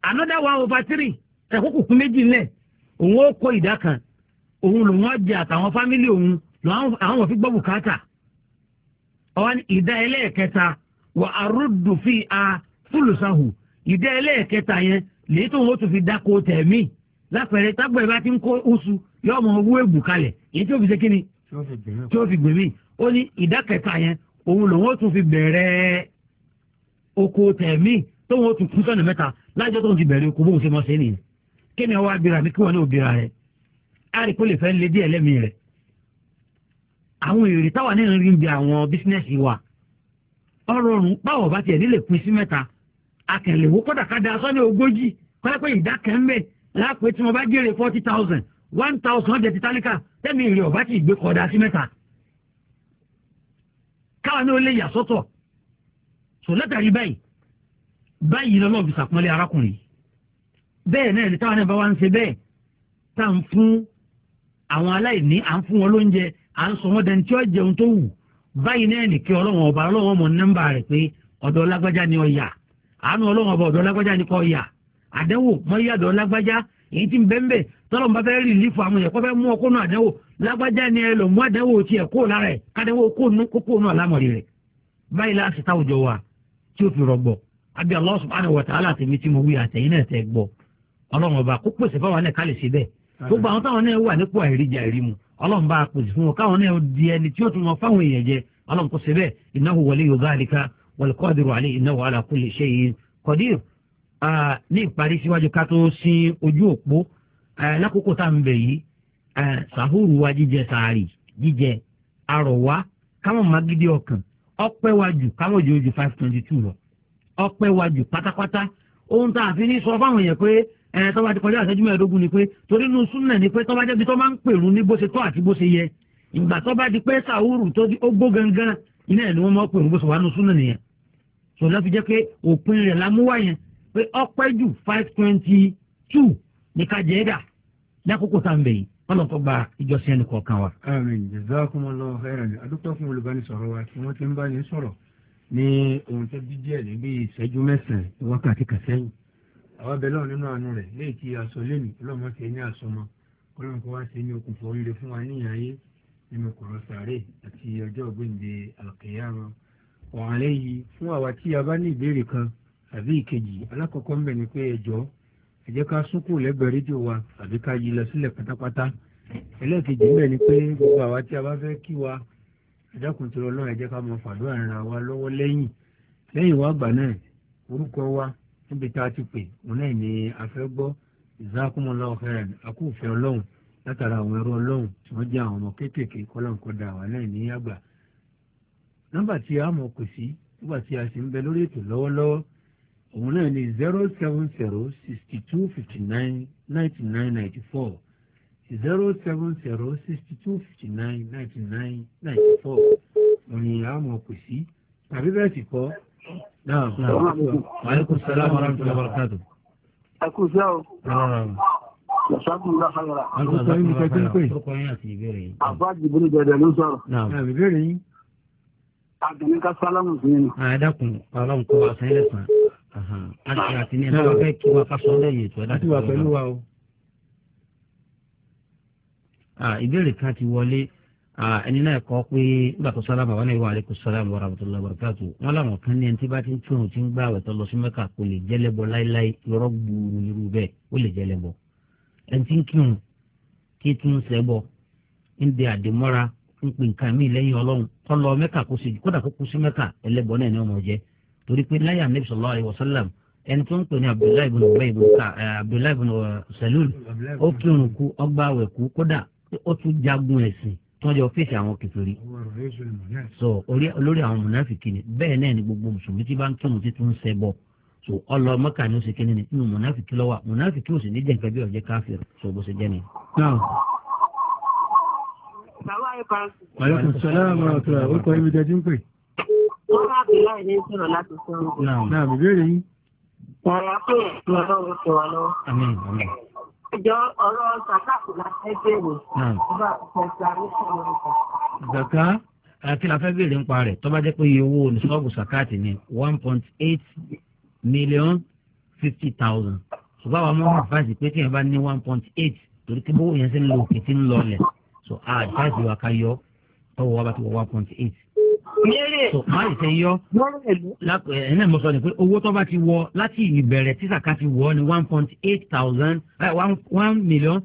anọ́dá wà ọfà tírì ẹ̀kọ́kù kún méjì ńlẹ̀ òun ó kó ìdá kan òun lòun á jẹ àtàwọn fámílì òun lòun àwọn wọ̀ bùkátà ọ̀wá ìdá ẹlẹ́ẹ̀kẹta wà á rúdù a fúlùsàn hù ìdá ẹlẹ́ẹ̀kẹta yẹn lèyí tó wọ́n tún fi dáko tẹ̀mí lápẹ̀rẹ̀ tágbẹ̀ bá ti ń kó oṣù yóò mọ owó ègbù kalẹ̀ èyí tó fi ṣe kíni tí ó fi gbèmí ó ní ìdá kẹta yẹn òun lòun ó tún fi bẹ̀rẹ̀ oko tẹ̀mí tó wọ́n tún kú sọ́nà mẹ́ta lájọ́ tó ń ti bẹ̀rẹ̀ oko bóun ṣe mọ́ sí nìyẹn kí ni ọwọ́ abira mi kí wọ́n ní òbira rẹ̀ á rí kó lè fẹ́ lé díẹ̀ lẹ́mìí rẹ̀ àwọn èrè táwa náà ń rí bí àwọn bísínẹ́sì wa ọ̀rọ̀ ọ̀run báwọ̀ bá tiẹ̀ nílẹ̀ pín sí mẹ́ta akẹ̀lẹ̀wó kọ́dà ká da sọ́ni ogójì kọ́lẹ́ pé ìdá kẹ́ńbẹ̀ lápẹ́ tí mo bá jèrè forty thousand one thousand ọ̀jẹ̀ ti tálíkà tẹ́mi ìrìn ọ̀bá ti gbé kọ́dà sí mẹ́ta káwa ní ó lè yà sọ́tọ̀ sọ látàrí báyìí báyìí lọ́lọ́ fi sàpọ́nlé arákùnrin bẹ́ẹ̀ náà ni táwọn náà bá wá ń ṣe bẹ́ẹ̀ tá à ń fún àwọn aláìní à ń fún wọn lóúnjẹ à ń sọ wọn dẹni tí ó jẹun tó wù báyìí náà nìkẹ́ ọlọ́wọ́n ọba ọlọ́wọ́n mọ̀ nọ́mbà rẹ̀ pé ọ̀dọ́ lágbájá ni ọ̀yà àánú ọlọ́run ọba ọ̀dọ́ lágbájá ni kò yà àdẹ́wò mọ́yàdọ́ lágbájá èyí tí ń bẹ́ ń bẹ̀ tọ́lọ́mù bá fẹ́ rí ìlífọ̀ àwọn èèyàn kọ́ fẹ́ mú ọkọ́ náà àdẹ́wò lágbájá ni ẹ lọ mú àdẹ́wò tiẹ̀ kó lára ẹ̀ kádẹ́wò wa tí o fi rọgbọ àbí wa ọlọ́run ọba àwọn والقادر عليه إنه على كل شيء قدير ní ìparí síwájú ká tó sí ojú òpó lákòókò tá à ń bẹ̀ yìí sàhóòrù wa jíjẹ sàárì jíjẹ àrọ̀wá káwọn magídí ọkàn ọpẹ́ wa jù káwọn òjòjò five twenty two lọ ọpẹ́ wa jù pátápátá ohun tá a fi ní sọ fáwọn yẹn pé ẹ eh, tọ́ba ti kọjá ìṣẹ́jú mẹ́ẹ̀ẹ́dógún ni pé torí inú súnà ni pé tọ́ba jẹ́bi tó máa ń pèrú ní bó ṣe tọ́ àti bó ṣe yẹ ìgbà tọ́ba di pé sàhóòrù tó ó gbó gangan iná ẹ̀ ni wọ́n máa pèrú bó ṣe wà nù súnà nìyẹn sọlá fi jẹ́ pé òpin rẹ̀ lámúwá yẹn pé ọpẹ́ jù five twenty two ní kàjẹ́dà lákòókò tá à ń bẹ̀ yìí kọ́nà kó gba ìjọsìn ẹnì kọ̀ọ̀kan wa. àmín jazakumullahu khairan adúpẹ́ fún olùbánisọ̀rọ̀ wa tí wọ́n ti ń bá yín sọ̀rọ̀ ní ohun tó bí díẹ̀ ní bíi ìṣẹ́jú mẹ́sàn-án wákàtí kan sẹ́yìn àwọn abẹ lọ́wọ́ nínú àánú rẹ̀ léyìí tí aṣọ lẹ́nu ọlọ́mọ ṣe ní àsọmọ ọlọ́mọ kó wá ṣe ní okùnfọ̀ oríire fún wa níyàn ayé nínú kọ̀rọ̀ sàárè àti ọjọ́ ògbéǹde àlùkìyàmọ́ wọ́n alẹ́ yìí fún àwa tí a bá ní ìbéèrè kan àbí ìkejì alákọ̀ọ́kọ́ ń bẹ̀ ni pé ẹ̀jọ́ ẹ jẹ́ ká súnkù lẹ́gbẹ̀ẹ́ rédíò wa àbí ká yí lọ sílẹ̀ pátápátá ẹlẹ́ẹ̀kejì ń bẹ̀ ni pé gbogbo àwa tí a bá fẹ́ kí wa ẹ dákun tó lọ́nà ẹ jẹ́ ká mọ fàdúrà ara wa lọ́wọ́ lẹ́yìn lẹ́yìn wa gbà náà orúkọ wa níbi tá a ti pè òun náà ni a fẹ́ gbọ́ ìzákùmọ̀lọ́wọ́ fẹ́rẹ̀ nọ́mbà tí a mọ̀ kò sí nígbà tí a sì ń bẹ lórí ètò lọ́wọ́lọ́wọ́ òun náà ni zero seven zero sixty two fifty nine ninety nine ninety four zero seven zero sixty two fifty nine ninety nine ninety four òun ni a mọ̀ kò sí tàbí bẹ́ẹ̀ sì kọ́ náà maaleykum salaam wa rahmatulahi wa barakatuh. ẹ kú sí ọ. Àbá jìbìrì dẹ̀dẹ̀ ló sọ̀rọ̀. Àbá jìbìrì dẹ̀dẹ̀ ló sọ̀rọ̀ àgbẹ̀ni ká sálámù sí nínú. àdàkùn ọlọ́run kó wa sẹ́yìn lẹ́sàn án àti àti ní ẹ̀rọ fẹ́ kí wa ká sọ lẹ́yìn ètò ẹ̀dá tó wà pẹ̀lú wa o. ìbéèrè kan ti wọlé ẹni náà kọ́ pé nígbà tó sálámù àwọn ẹ̀rọ àlékún sálámù wàrà àbùtọ́ lọ́wọ́ káàtó wọn làwọn kan ní ẹni tí bá ti ń tún òun ti ń gbà àwẹ̀tọ́ lọ sí mẹ́ka kò lè jẹ́lẹ́bọ láíláí lọ́rọ́ gbùrù irú bẹ́ẹ̀ ó lè jẹ́lẹ́bọ ẹni tí ń kírun kí tún ń sẹ́bọ ń de àdèmọ́ra pípé nǹkan mi lẹ́yìn ọlọ́run kọ́ lọ mẹ́kà kó sì kódà kó kú sí mẹ́kà ẹlẹ́bọ náà ni ọmọ jẹ́ torí pé láyà nabi sallallahu alaihi wasallam ẹni tó ń pè ní abdullahi ibn ubay ibn ká abdullahi ibn salul ó kírun kú ọgbà àwẹ̀ kú kódà ó tún jagun ẹ̀sìn tó ń jẹ ọ́fíìsì àwọn kẹfìrí. so olórí àwọn mùnàfíkì ni bẹ́ẹ̀ náà ni gbogbo mùsùlùmí tí bá ń kírun títún ń ṣẹ́ so ọlọ mọ́kà ni ó ṣe kíni ni inú mùnàfíkì ló wà mùnàfíkì ò sì ní jẹ́ nǹkan bí ọ̀jẹ̀ káfíìrì so bó ṣe jẹ́ ni. Àlékún sọ́lámù ọ̀tọ̀ orúkọ ibi jẹ́ jíńpè. Wọ́n bá bí láì ní sọ̀rọ̀ láti sọ̀rọ̀. Náà mi béèrè yín. Ọ̀rọ̀ pé Ọlọ́run ti wà lọ́wọ́. Ìjọ ọ̀rọ̀ Sàkáàkù la fẹ́ béèrè. Ọba àkọ́kọ́ ti àríkọ̀ lórúkọ. Zàká àti la fẹ́ béèrè ń pa rẹ̀ tó bá jẹ́ pé iye owó oníṣọ́ọ̀bù Sàkáàtì ni one point eight million fifty thousand. Ṣùgbọ́n àwọn ọmọ àfáàsì pé tí yẹn bá ní one point eight torí kí bówó yẹn ṣe ń lo òkè ń lọlẹ̀ so àdáàdì wa ká yọ tọwọ́ wa bá ti wọ one point eight so má lè ṣe yọ eh, ẹ náà mo sọ ni pé owó tó bá ti wọ láti ìbẹ̀rẹ̀ tí sàká ti wọ ni one point eight thousand eh, one one million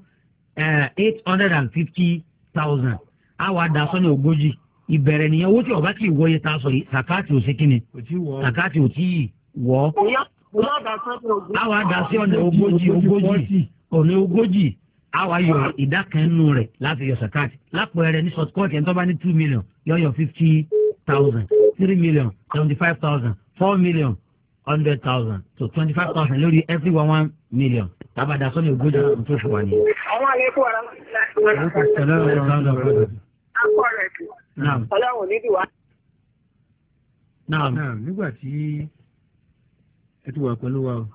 eh, eight hundred and fifty thousand á wà dá sọ́ni ogójì ìbẹ̀rẹ̀ nìyẹn owó tí ọba ti wọ yẹ ta sọ yìí sàká ti ò sí kíni sàká ti ò tí wọ. á wà dá sí ọ̀nà ogójì ogójì ọ̀nà ogójì àwa yọ ìdá kan nù rẹ̀ láti yọ zakat lápò ẹrẹ ní short cut ẹni tó bá ní two million yọ yọ fifty thousand three million seventy five thousand four million hundred thousand so twenty five thousand lórí every one one million tábàdà sọ́ni ogójì ọ̀sán tó fi wà ní. àwọn àlékún ọ̀rọ̀ ń bá ṣe lọ́wọ́ akọ rẹ̀ tù ọlọ́run níbi wá. nígbà tí ẹ ti wà pẹ̀lú wa o.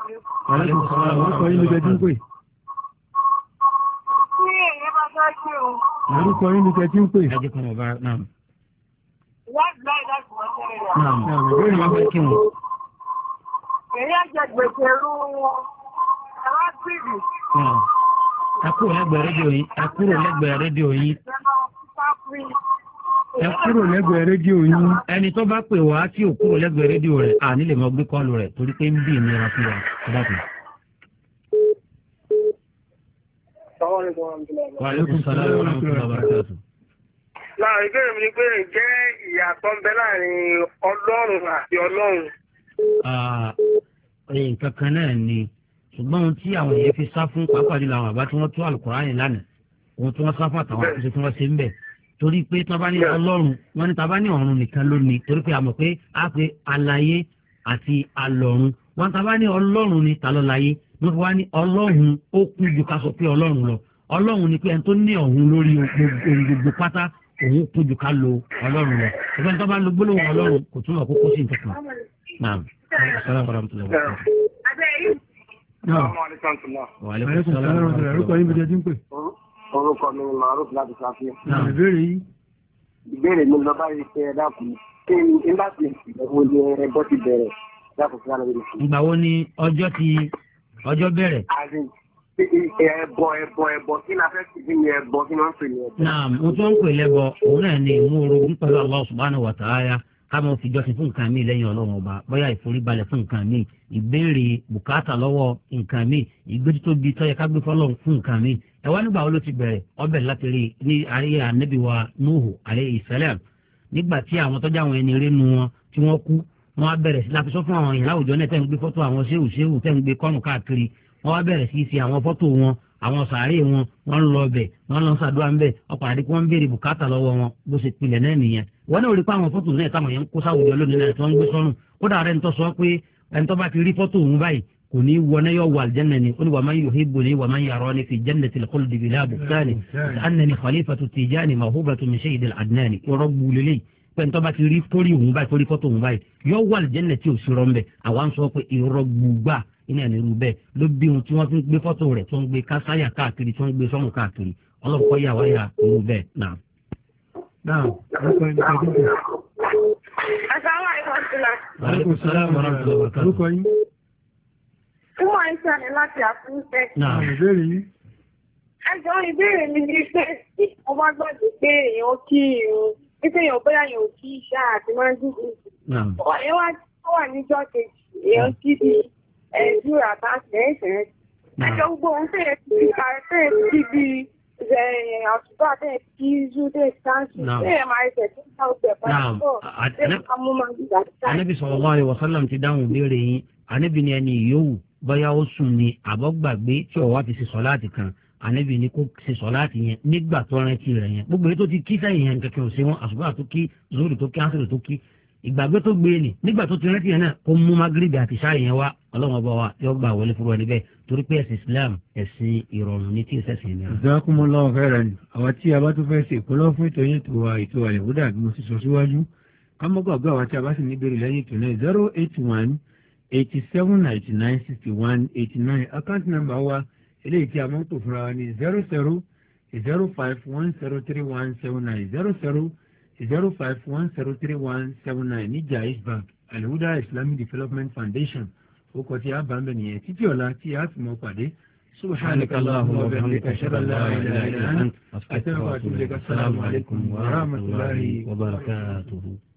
Orúkọ yín ni tẹ́tí ń pè. Ní èyí bá ṣáájú o. Orúkọ yín ni tẹ́tí ń pè. Ìdájọ́ náà. Láti láì láti wọ́n tẹ́lẹ̀ Náà ìbéèrè wọn fẹ́ kí wọn. Èyí àjẹ gbèsè rú wọn. Ẹ̀rọ bìbì. Akúrò lẹ́gbẹ̀ẹ́ rédíò yín. Akúrò lẹ́gbẹ̀ẹ́ rédíò yín ẹ kúrò lẹ́gbẹ̀ẹ́ rédíò yín. ẹni tó bá pè wá tí ò kúrò lẹ́gbẹ̀ẹ́ rédíò rẹ̀ à nílẹ̀ mọ́ gbé kọ́ọ̀lù rẹ̀ torí pé ń bí ìnira fún wa ẹ dákun. wàlúùkùn sọlá yóò rán fún bàbá àtàtù. náà ìbéèrè mi ni pé ǹjẹ́ ìyàtọ̀ ń bẹ láàrin ọlọ́run àti ọlọ́run. nǹkan kan náà ni ṣùgbọ́n ohun tí àwọn èèyàn fi sá fún pàápàá nílò àwọn àbá tí wọ́n tó àlùkò torí pé tọ́ba ní ọlọ́run wọ́n ní tọ́ba ní ọ̀run nìkan lónìí torí pé a mọ̀ pé a pe alayé àti alọ̀run wọ́n ní tọ́ba ní ọlọ́run ní talọ́layé wọ́n fi wá ní ọlọ́run ó kú ju ká sọ pé ọlọ́run lọ ọlọ́run ni pé ẹni tó ní ọ̀hún lórí ohun gbogbo pátá òun kú ju ká lo ọlọ́run lọ ìfẹ́ tọ́ba ń lo gbólóhùn ọlọ́run kò túnbọ̀ kó sí nǹkan kan orúkọ mi ni Maruf láti ṣàfihàn. ìbéèrè yìí. ìbéèrè mi lọ báyìí pé ẹ dákun kí n bá ti wo ni ẹbọ ti bẹ̀rẹ̀ dákun fún àlọ́ ìlú. ìgbà wo ni ọjọ́ ti ọjọ́ bẹ̀rẹ̀. ẹbọ ẹbọ ẹbọ kí ni a fẹ́ kí ni ẹbọ kí ni wọ́n ń pè ní ẹbọ. náà mo tó ń pè lẹ́bọ òun náà ni ìmú orogún pẹ̀lú subhanahu wa ta'ala kámọ fìjọsìn fún nǹkan míì lẹ́yìn ọlọ́run ọba bóyá ìforíbalẹ̀ fún nǹkan míì ìbéèrè bùkátà lọ́wọ́ nǹkan míì ìgbétóbi tọ́yẹ ká gbé fọlọ́run fún nǹkan míì ẹ wá nígbà wo ló ti bẹ̀rẹ̀ ọbẹ̀ láti rí ní ayé ànábì wa nuhu alayhi salam nígbà tí àwọn tọ́jà àwọn ẹni rénu wọn tí wọ́n kú wọ́n á bẹ̀rẹ̀ sí láti sọ fún àwọn ìyá àwùjọ náà tẹ́ ń gbé fọ́tò àwọn àwọn sàárè wọn wọn lọ bẹ wọn lọ sàdúrà ń bẹ ọkọ àdìpọ ń béèrè bùkátà lọ́wọ́ wọn bó ṣe pilẹ̀ náà nìyẹn wọn náà rí pé àwọn fọ́tò náà táwọn yẹn ń kó sáwùjọ lónìí náà tí wọn ń gbé sọ́rùn kódà rẹ ń tọ sọ pé ẹni tó bá ti rí fọ́tò òun báyìí kò ní wọ náà yọ wà aljanna ni ó ní wàá máa yọ hebo ni wàá máa yàrá ni fi jannatil khuldi bila buktani annani pẹ̀ntọ́ bá ti rí torí òun báyìí torí fọ́tò òun báyìí yọ wà aljanna tí ò sí rọ́ńbẹ́ àwa ń sọ pé ìrọ̀ iná nírú bẹ́ẹ̀ ló bí ohun tí wọ́n fi ń gbé fọ́tò rẹ̀ tó ń gbé kásáyà káàkiri tó ń gbé sọ́mù káàkiri ọlọ́run kọ́ yà wáyà irú bẹ́ẹ̀ náà. náà orúkọ ẹni ká dúpọ̀. asalaamualeykum sula. aleykum salaam wa rahmatulah wa barakatuh. orúkọ yín. kúmọ̀ iṣẹ́ ni láti àkúńtẹ́. náà ìbéèrè yín. ẹjọ́ ìbéèrè mi ni pé tí mo bá gbàgbé pé èèyàn kí irun pípé èèyàn bóyá èèyàn kí iṣẹ́ àti máa ń dúró. ọ̀rẹ́ wa wà níjọ́ kejì èèyàn kí ni ẹ̀jú àbáṣe hmm. ẹ̀ṣẹ̀ àjọ gbogbo ohun tẹ̀ ẹ̀ ti parẹ́ tẹ̀ ẹ̀ ti bí àtúbà tẹ̀ ẹ̀ ti yíjú tẹ̀ ẹ̀ sáǹsì tẹ̀ ẹ̀ máa ẹ̀ṣẹ̀ tó ń ta ọgbẹ̀ padà bọ̀ tẹ̀ ẹ̀ máa mú máa ti dáhùn ìbéèrè yín Ànábì ni ẹni ìyówù bóyá ó sùn ni àbọ̀ gbàgbé tí ọ̀wá fi ṣe sọ̀láàtì kan ànábì ni kò ṣe sọ̀láàtì yẹn nígbà tó rántí rẹ̀ yẹn gbogbo èyí tó ti kí sẹ́yìn yẹn kẹ̀kẹ́ ò ṣe wọn àṣùgbọ́n àtúkí zoro tó kí ásìrò tó kí ìgbàgbé tó gbé ni nígbà tó ti rántí yẹn náà kó mú magrebi àti sáàyè yẹn wá ọlọ́run ọba wa yóò gbà wọlé fúru ẹni bẹ́ẹ̀ torí pé ẹ̀sìn islam ẹ̀sìn ìrọ̀rùn ní tí ò sẹ̀sìn ní. ìdákùnmọ́lọ́wọ́ fẹ́ràn ni àwa tí a bá tún fẹ́ ṣe ìpolówó fún ètò yẹn tó wa ètò àlèkúdà bí mo ti sọ síwájú kámọ́gbàgbé àwa tí a bá sì ní ìbéèrè lẹ́yìn ètò náà zero eight one eighty seven ninety nine sixty one eighty nine account number wa eléyìí tí zero zero zero five one zero three one seven nine zero zero zero five one zero three one seven nine ní Jaiz Bank Alihuda Islamic Development Foundation ó kọ tí a bá ń bẹ nìyẹn títí ọ̀la tí a fi mọ pàdé سبحانك اللهم وبحمدك اشهد ان لا اله الا انت استغفرك واتوب اليك السلام عليكم ورحمه الله وبركاته